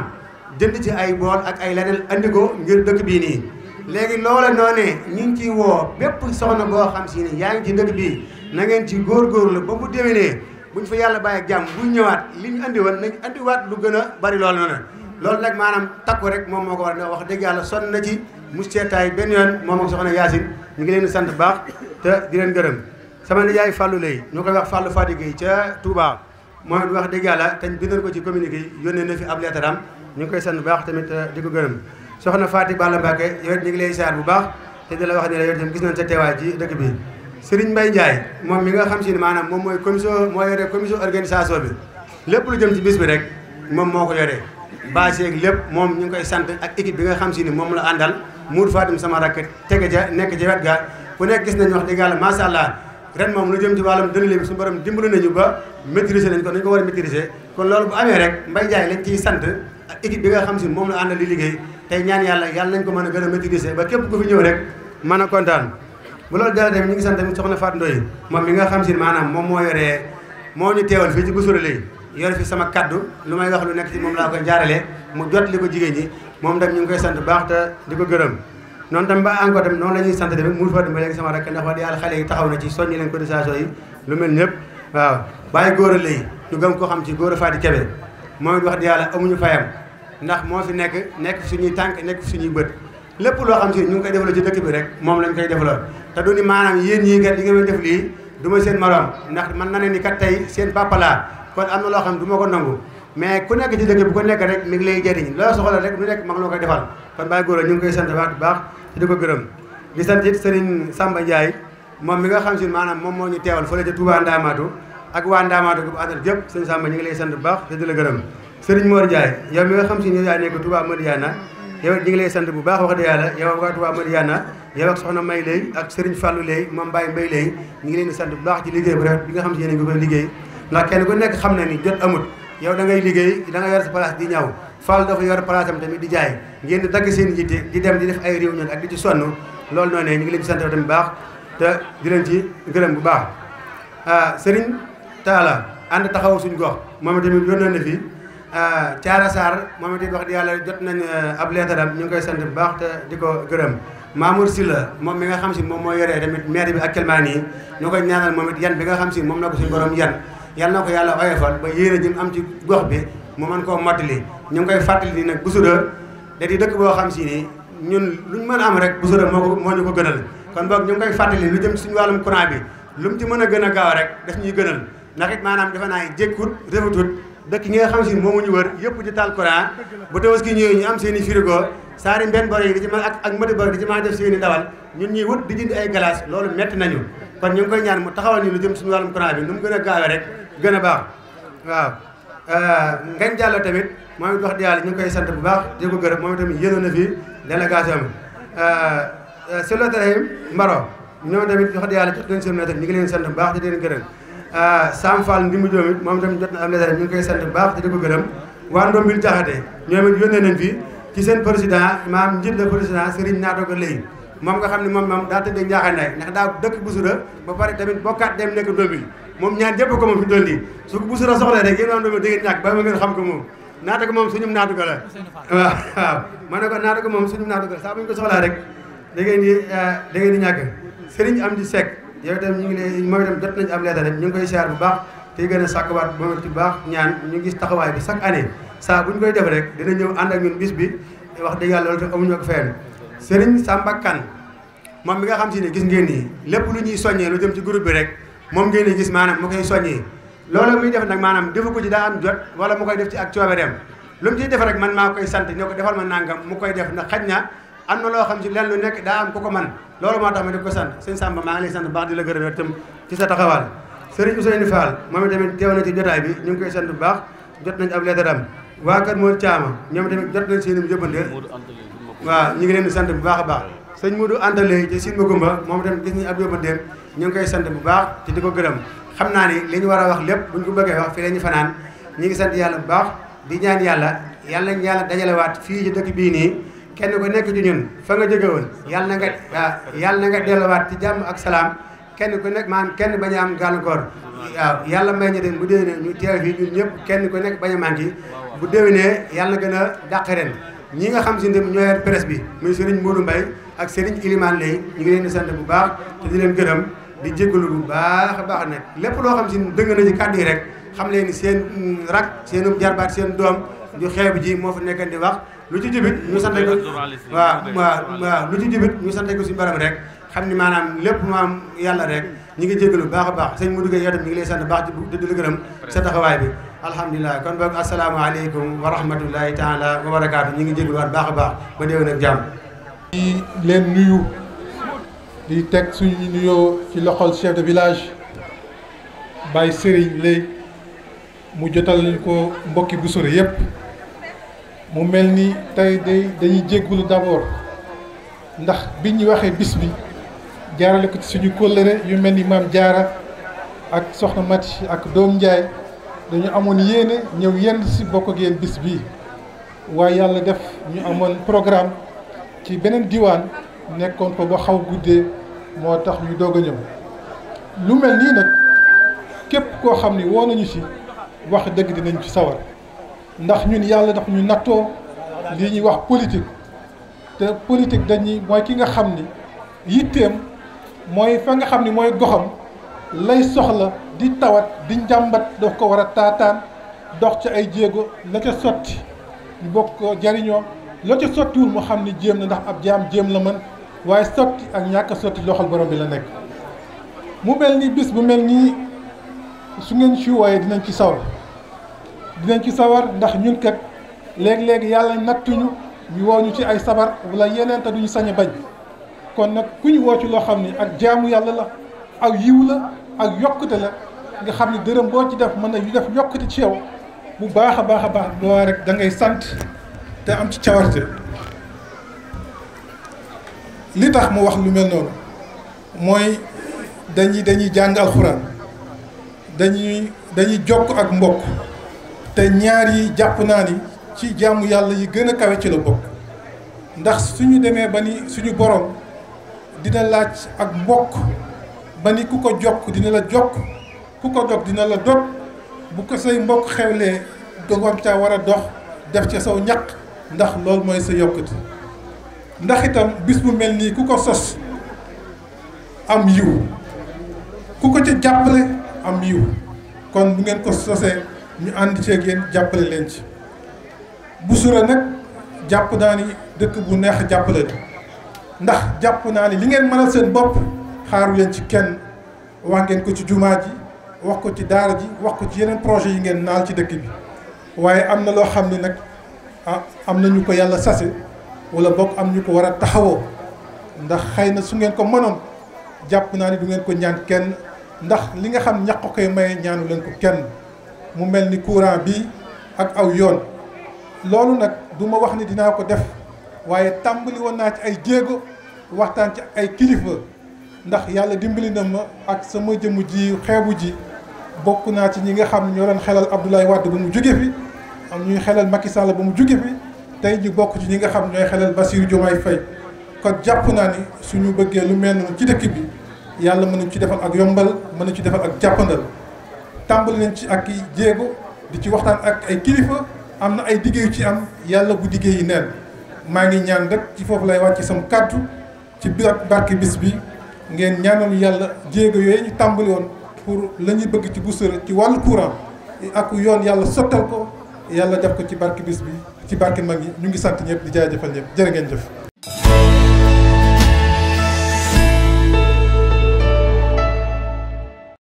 jënd ci ay bool ak ay leneen andi ko ngir dëkk bii nii léegi loola noonee ñu ngi ciy woo bépp soxna boo xam si ne yaa ngi ci dëkk bii na ngeen ci góorgóorlu ba mu bu buñ fa yàlla bàyyi jàmm bu ñëwaat li ñu andi woon nañ andiwaat lu gën a bari loolu noonu loolu nag maanaam takku rek moom moo ko war a wax dëgg yàlla sonn na ci mu seetaay benn yoon moom ak soxna Yacine ñu ngi leen di sant baax te di leen gërëm sama nijaay Fallou Lay ñu koy wax Fallou Fadi Gueye ca Touba mooy wax dëgg yàlla te bindoon ko ci communiqué y yónnee na fi ab leetaram ñu koy sant baax tamit di ko gërëm soxna Faati Balla Mbacke yow it ngi lay siyaar bu baax te di wax ne la yow itam gis nañ sa teewaay ci dëkk bi Serigne Mbaye Ndiaye moom mi nga xam si ne maanaam moom mooy commission moo yore commission organisation bi lépp lu jëm ci bis bi rek moom moo ko yore baaseeg lépp moom ñu ngi koy sant ak équipe bi nga xam si ni moom la àndal Mour Fatim sama rakk tege ja nekk ci wet ga ku nekk gis nañ wax dëgg yàlla macha allah ren moom lu jëm ci wàllum dënale bi suñu borom dimbali nañu ba maîtriser nañ ko nañ ko war a maîtriser kon loolu bu amee rek Mbaye Ndiaye lañ ciy sant ak bi nga xam si moom la àndal di liggéey tey ñaan yàlla yàlla nañ ko mën a gën a maîtriser ba képp ko fi ñëw rek mën a kontaan bu loolu dara dem ñu ngi sant tamit soxna Fatou Ndoye moom mi nga xam si maanaam moom moo yoree moo ñu teewal fii ci Boussouréleye yore fi sama kàddu lu may wax lu nekk ci moom laa koy jaarale mu jot li ko jigéen ñi moom tam ñu ngi koy sant baax te di ko gërëm noonu tam ba encore tam noonu la ñuy sant tamit mu fa dem ba sama rakk ndax wax dëgg yàlla xale yi taxaw na ci soññi leen cotisation yi mel ñëpp waaw góor a lay ñu gëm koo xam ci góor a Fatou Kébé moom wax dëgg yàlla amuñu fayam ndax moo fi nekk nekk suñuy tànk nekk suñuy bët lépp loo xam si ñu ngi koy defaloo ci dëkk bi rek moom lañ koy defaloo te du ni maanaam yéen ñii kat yi nga may def lii du ma seen morom ndax man na ne ni kat tey seen papa laa kon am na loo xam ne du ko nangu mais ku nekk ci dëkk bi ko nekk rek mi ngi lay jëriñ loo soxla rek lu nekk mag loo koy defal kon bàyyi góor ñu ngi koy sant baax baax te di ko gërëm di sant it Serigne Samba Ndiaye moom mi nga xam si maanaam moom moo ñu teewal fële ca Touba Ndamatou ak waa Ndamatou bu àndal jëpp Serigne Samba ngi lay sant bu baax te di la gërëm sëriñ Mor Ndiaye yow mi nga xam si ne yaa nekk Touba Madiyana yow ñu ngi lay sant bu baax wax dëgg yàlla yow ak waa soxna May lay ak sëriñ Fallou lay moom Mbaye Mbaye lay ñu ngi leen sant bu baax ci liggéey bu rafet bi nga xam si yéen a ngi koy ku nekk xam na ni jot amut yow da ngay liggéey da nga yor sa place di ñaw Fall dafa yor place am tamit di jaay ngeen di dagg seen yitte di dem di def ay réunion ak di ci sonn loolu noonu ñu ngi leen ci sant tamit bu baax te di leen ci gërëm bu baax ah sëriñ Talla ànd taxaw suñ gox moom tamit yónnoon na fii Ah, Thiara Sarr moom it wax di yàlla jot nañ eh, ab leetaram ñu ngi koy sant bu baax te di ko gërëm si la moom mi nga xam si moom moo yoree tamit maire bi actuellement nii ñu koy ñaanal moom it yan bi nga xam si moom la ko suñu borom yan yal na ko yàlla oyofal ba yéene ji mu am ci gox bi mu mën koo mottali ñu ngi koy fàttali ni nag Boussouda da di dëkk boo xam si ni ñun lu mu mën a am rek Boussouda moo ko moo ñu ko gënal kon boog ñu ngi fàttali lu jëm suñu wàllum courant bi mën a a gaaw rek daf ñuy gënal ndax it maanaam defe naa jékkut rëfatut dëkk yi nga xam si moomu ñu wër yëpp di taal courant bu tabaski ñëwee ñu am seen i frigo saari mbenn bor yi di ci mën ak ak mëti di ci mën a def seen i ndawal ñun ñuy wut di jënd ay glace loolu metti nañu kon ñu ngi koy ñaan mu taxawal ñu lu jëm suñu wàllum courant bi mu gën a gaawee rek gën a baax waaw euh, ngeen jàllo tamit moom it wax di yàlla ñu ngi koy sant bu baax di ko gërëm moom itamit yéenoon na fii délégation bi si loolu tamit mbaro ñoom tamit wax di yàlla jot nañ seen ñu ngi leen sant bu baax di leen gërëm Ah, Sam Fall ndimbu joom it moom itam jot na am lettre ñu ngi koy sant bu baax te di ko gërëm waa Ndombil Jaxate ñoom it yónnee nañ fi ci seen président maam njiit président Serigne Nato ko léegi moom nga xam ne moom moom daa tëddee njaaxanaay ndax daa dëkk busura ba pare tamit bokkaat dem nekk Ndombil moom ñaar jëpp ko moom fi doon di su ko busura soxlee rek yéen waa Ndombil da ngeen ñàkk ba ma ngeen xam ko moom naata ko moom suñum naatu ko ko naata ko moom suñum naatu ko la saa bu ñu ko soxlaa rek da ngeen di ah, da ngeen di ñàkk Serigne am yow itam ñu ngi lay mooy dem jot nañu am leetar rek ñu ngi koy siyaar bu baax te gën a sàkkuwaat moom ci baax ñaan ñu gis taxawaay bi chaque année saa koy def rek dina ñëw ànd ak ñun bis bi wax dëgg yàlla loolu te amuñu ak fenn Serigne Samba Kane moom mi nga xam si ne gis ngeen nii lépp lu ñuy soññee lu jëm ci group bi rek moom ngeen gis maanaam mu koy soññee loolu muy def nag maanaam defu ko ci daa am jot wala mu koy def ci ak coobereem lu mu ciy def rek man maa koy sant ñoo ko defal ma nàngam mu koy def ndax xaj na am na loo xam ci lenn lu nekk daa am ku ko man loolu moo tax ma di ko sant sëñ Samba maa ngi lay sant baax di la gërëm itam ci sa taxawaal sëriñ Ousseynou Fall moom tamit teew na ci jotaay bi ñu ngi sant bu baax jot nañ ab lettre am waa kër Mor Thiama ñoom tamit ñu ngi leen di sant baax a baax sëñ Modou Anta Leye ci Sine moom tamit gis nañ ab yóbbandeel ñu ngi koy sant bu baax te di ko gërëm xam naa ni li ñu war a wax lépp buñ ko bëggee wax fii la fanaan ñu ngi sant yàlla bu baax di ñaan yàlla yàlla ñu yàlla dajalewaat fii ci dëkk bii nii kenn ku nekk ci ñun fa nga jóge woon yàlla na nga yàlla nga delluwaat ci jàmm ak salaam kenn ku nekk maanaam kenn bañ a am gàllankoor waaw yàlla may ñu den bu déwénee ñu teew fii ñun ñëpp kenn ku nekk bañ a manqué bu déwénee yàlla na gën a dàq ren ñi nga xam si ne ñoo yor presse bi muy Serigne Modou Mbaye ak Serigne Ilimane Lay ñu ngi leen di sant bu baax te di leen gërëm di jégalu bu baax a baax nag lépp loo xam si ne dëng na ci kàddu yi rek xam leen ni seen mm, rak seen jarbaat seen doom ñu xeebu ji moo fa nekkan di wax lu ci jibit ñu sante ko waaw waaw waaw lu ci jibit ñu sante ko suñu borom rek xam ni maanaam lépp am yàlla rek ñu ngi lu baax a baax sëñ Modou Gueye yow tam ngi lay sant baax di di la gërëm sa taxawaay bi alhamdulilah kon boog asalaamaaleykum wa rahmatullahi taala wa ñu ñi ngi jégalu waat baax a baax ba déwén ak jàmm di leen nuyu di teg suñu nuyoo ci loxol chef de village Baye Serigne Lay mu jotal ko mbokki bu sore yépp mu mel ni tey day dañuy jéggulu d'abord ndax bi ñuy waxee bis bi jaarale ko ci suñu kóllëre yu mel ni maam jaara ak soxna yi ak doom Njaay dañu amoon yéene ñëw yenn si bokk ak yéen bis bii waaye yàlla def ñu amoon programme ci beneen diwaan nekkoon ko ba xaw guddee moo tax ñu doog a ñëw lu mel nii nag képp koo xam ni woo nañu si wax dëgg dinañ ci sawar ndax ñun yàlla daf ñu nattoo lii ñuy wax politique te politique dañuy mooy ki nga xam ni yitteem mooy fa nga xam ni mooy goxam lay soxla di tawat di njàmbat daf ko war a taataan dox ca ay jéego la ca sotti ñu bokk ko jariñoo la ca sottiwul mu xam ni jéem na ndax ab jaam jéem la mën waaye sotti ak ñàkk sotti loxol borom bi la nekk mu mel ni bis bu mel nii su ngeen ci wooyee dinañ ci sawar dinañ ci sawar ndax ñun kat léeg léegi yàlla nattuñu ñu woo ñu ci ay sabar wala yeneen te duñu sañ a bañ kon nag ku ñu woo ci loo xam ni ak jaamu yàlla la ak yiw la ak yokkute la nga xam ni dërëm boo ci def mën na yu def yokkute ci yow bu baax a baax a baax doo rek da ngay sant te am ci cawarte li tax mu wax lu mel noonu mooy dañuy dañuy jàng alxuraan dañuy dañuy jokk ak mbokk te ñaar yi jàpp naa ni ci jàmm yàlla yi gën a kawe ci la bokk ndax su ñu demee ba ni suñu borom dina laaj ak mbokk ba ni ku ko jokk dina la jokk ku ko dog dina la dog bu ko say mbokk xewlee dogoon ca war a dox def ca saw ñaq ndax loolu mooy sa yokkati ndax itam bis bu mel nii ku ko sos am yiw ku ko ca jàppale am yiw kon bu ngeen ko sosee ñu ànd ceeg yéen jàppale leen ci Boussoura nag jàpp naa ni dëkk bu neex jàppale ndax jàpp naa ni li ngeen mënal seen bopp xaaru leen ci kenn wax ngeen ko ci jumaa ji wax ko ci daara ji wax ko ci yeneen projet yi ngeen naal ci dëkk bi waaye am na loo xam ne nag ah am na ñu ko yàlla sase wala bokk am ñu ko war a taxawoo ndax xëy na su ngeen ko mënoon jàpp naa ni du ngeen ko ñaan kenn ndax li nga xam ñaq koy maye ñaanu leen ko kenn mu mel ni courant bi ak aw yoon loolu nag duma wax ni dinaa ko def waaye tàmbali woon naa ci ay jéego waxtaan ci ay kilifa ndax yàlla dimbali na ma ak sama jëmu ji xeebu ji bokk naa ci ñi nga xam ñoo leen xelal Abdoulaye Wade ba mu jóge fi am ñuy xelal Macky Sall ba mu jóge fi tey ñu bokk ci ñi nga xam ñooy xelal Bassirou Diomaye Faye kon jàpp naa ni suñu bëggee lu mel noonu ci dëkk bi yàlla mënuñ ci defal ak yombal mënuñ ci defal ak jàppandal tàmbali nañ ci ak jéego di ci waxtaan ak ay kilifa am na ay diggéey yu ci am yàlla bu diggéey yi neen maa ngi ñaan rek ci foofu lay wàcc sama kàddu ci biir barke bis bi ngeen ñaanal yàlla jéego yooyu ñu tàmbali woon pour la ñuy bëgg ci Boussoura ci wàllu courant ak yoon yàlla sottal ko yàlla def ko ci barke bis bi ci barke mag yi ñu ngi sant ñëpp di jaajëfal ñëpp jërë ngeen jëf.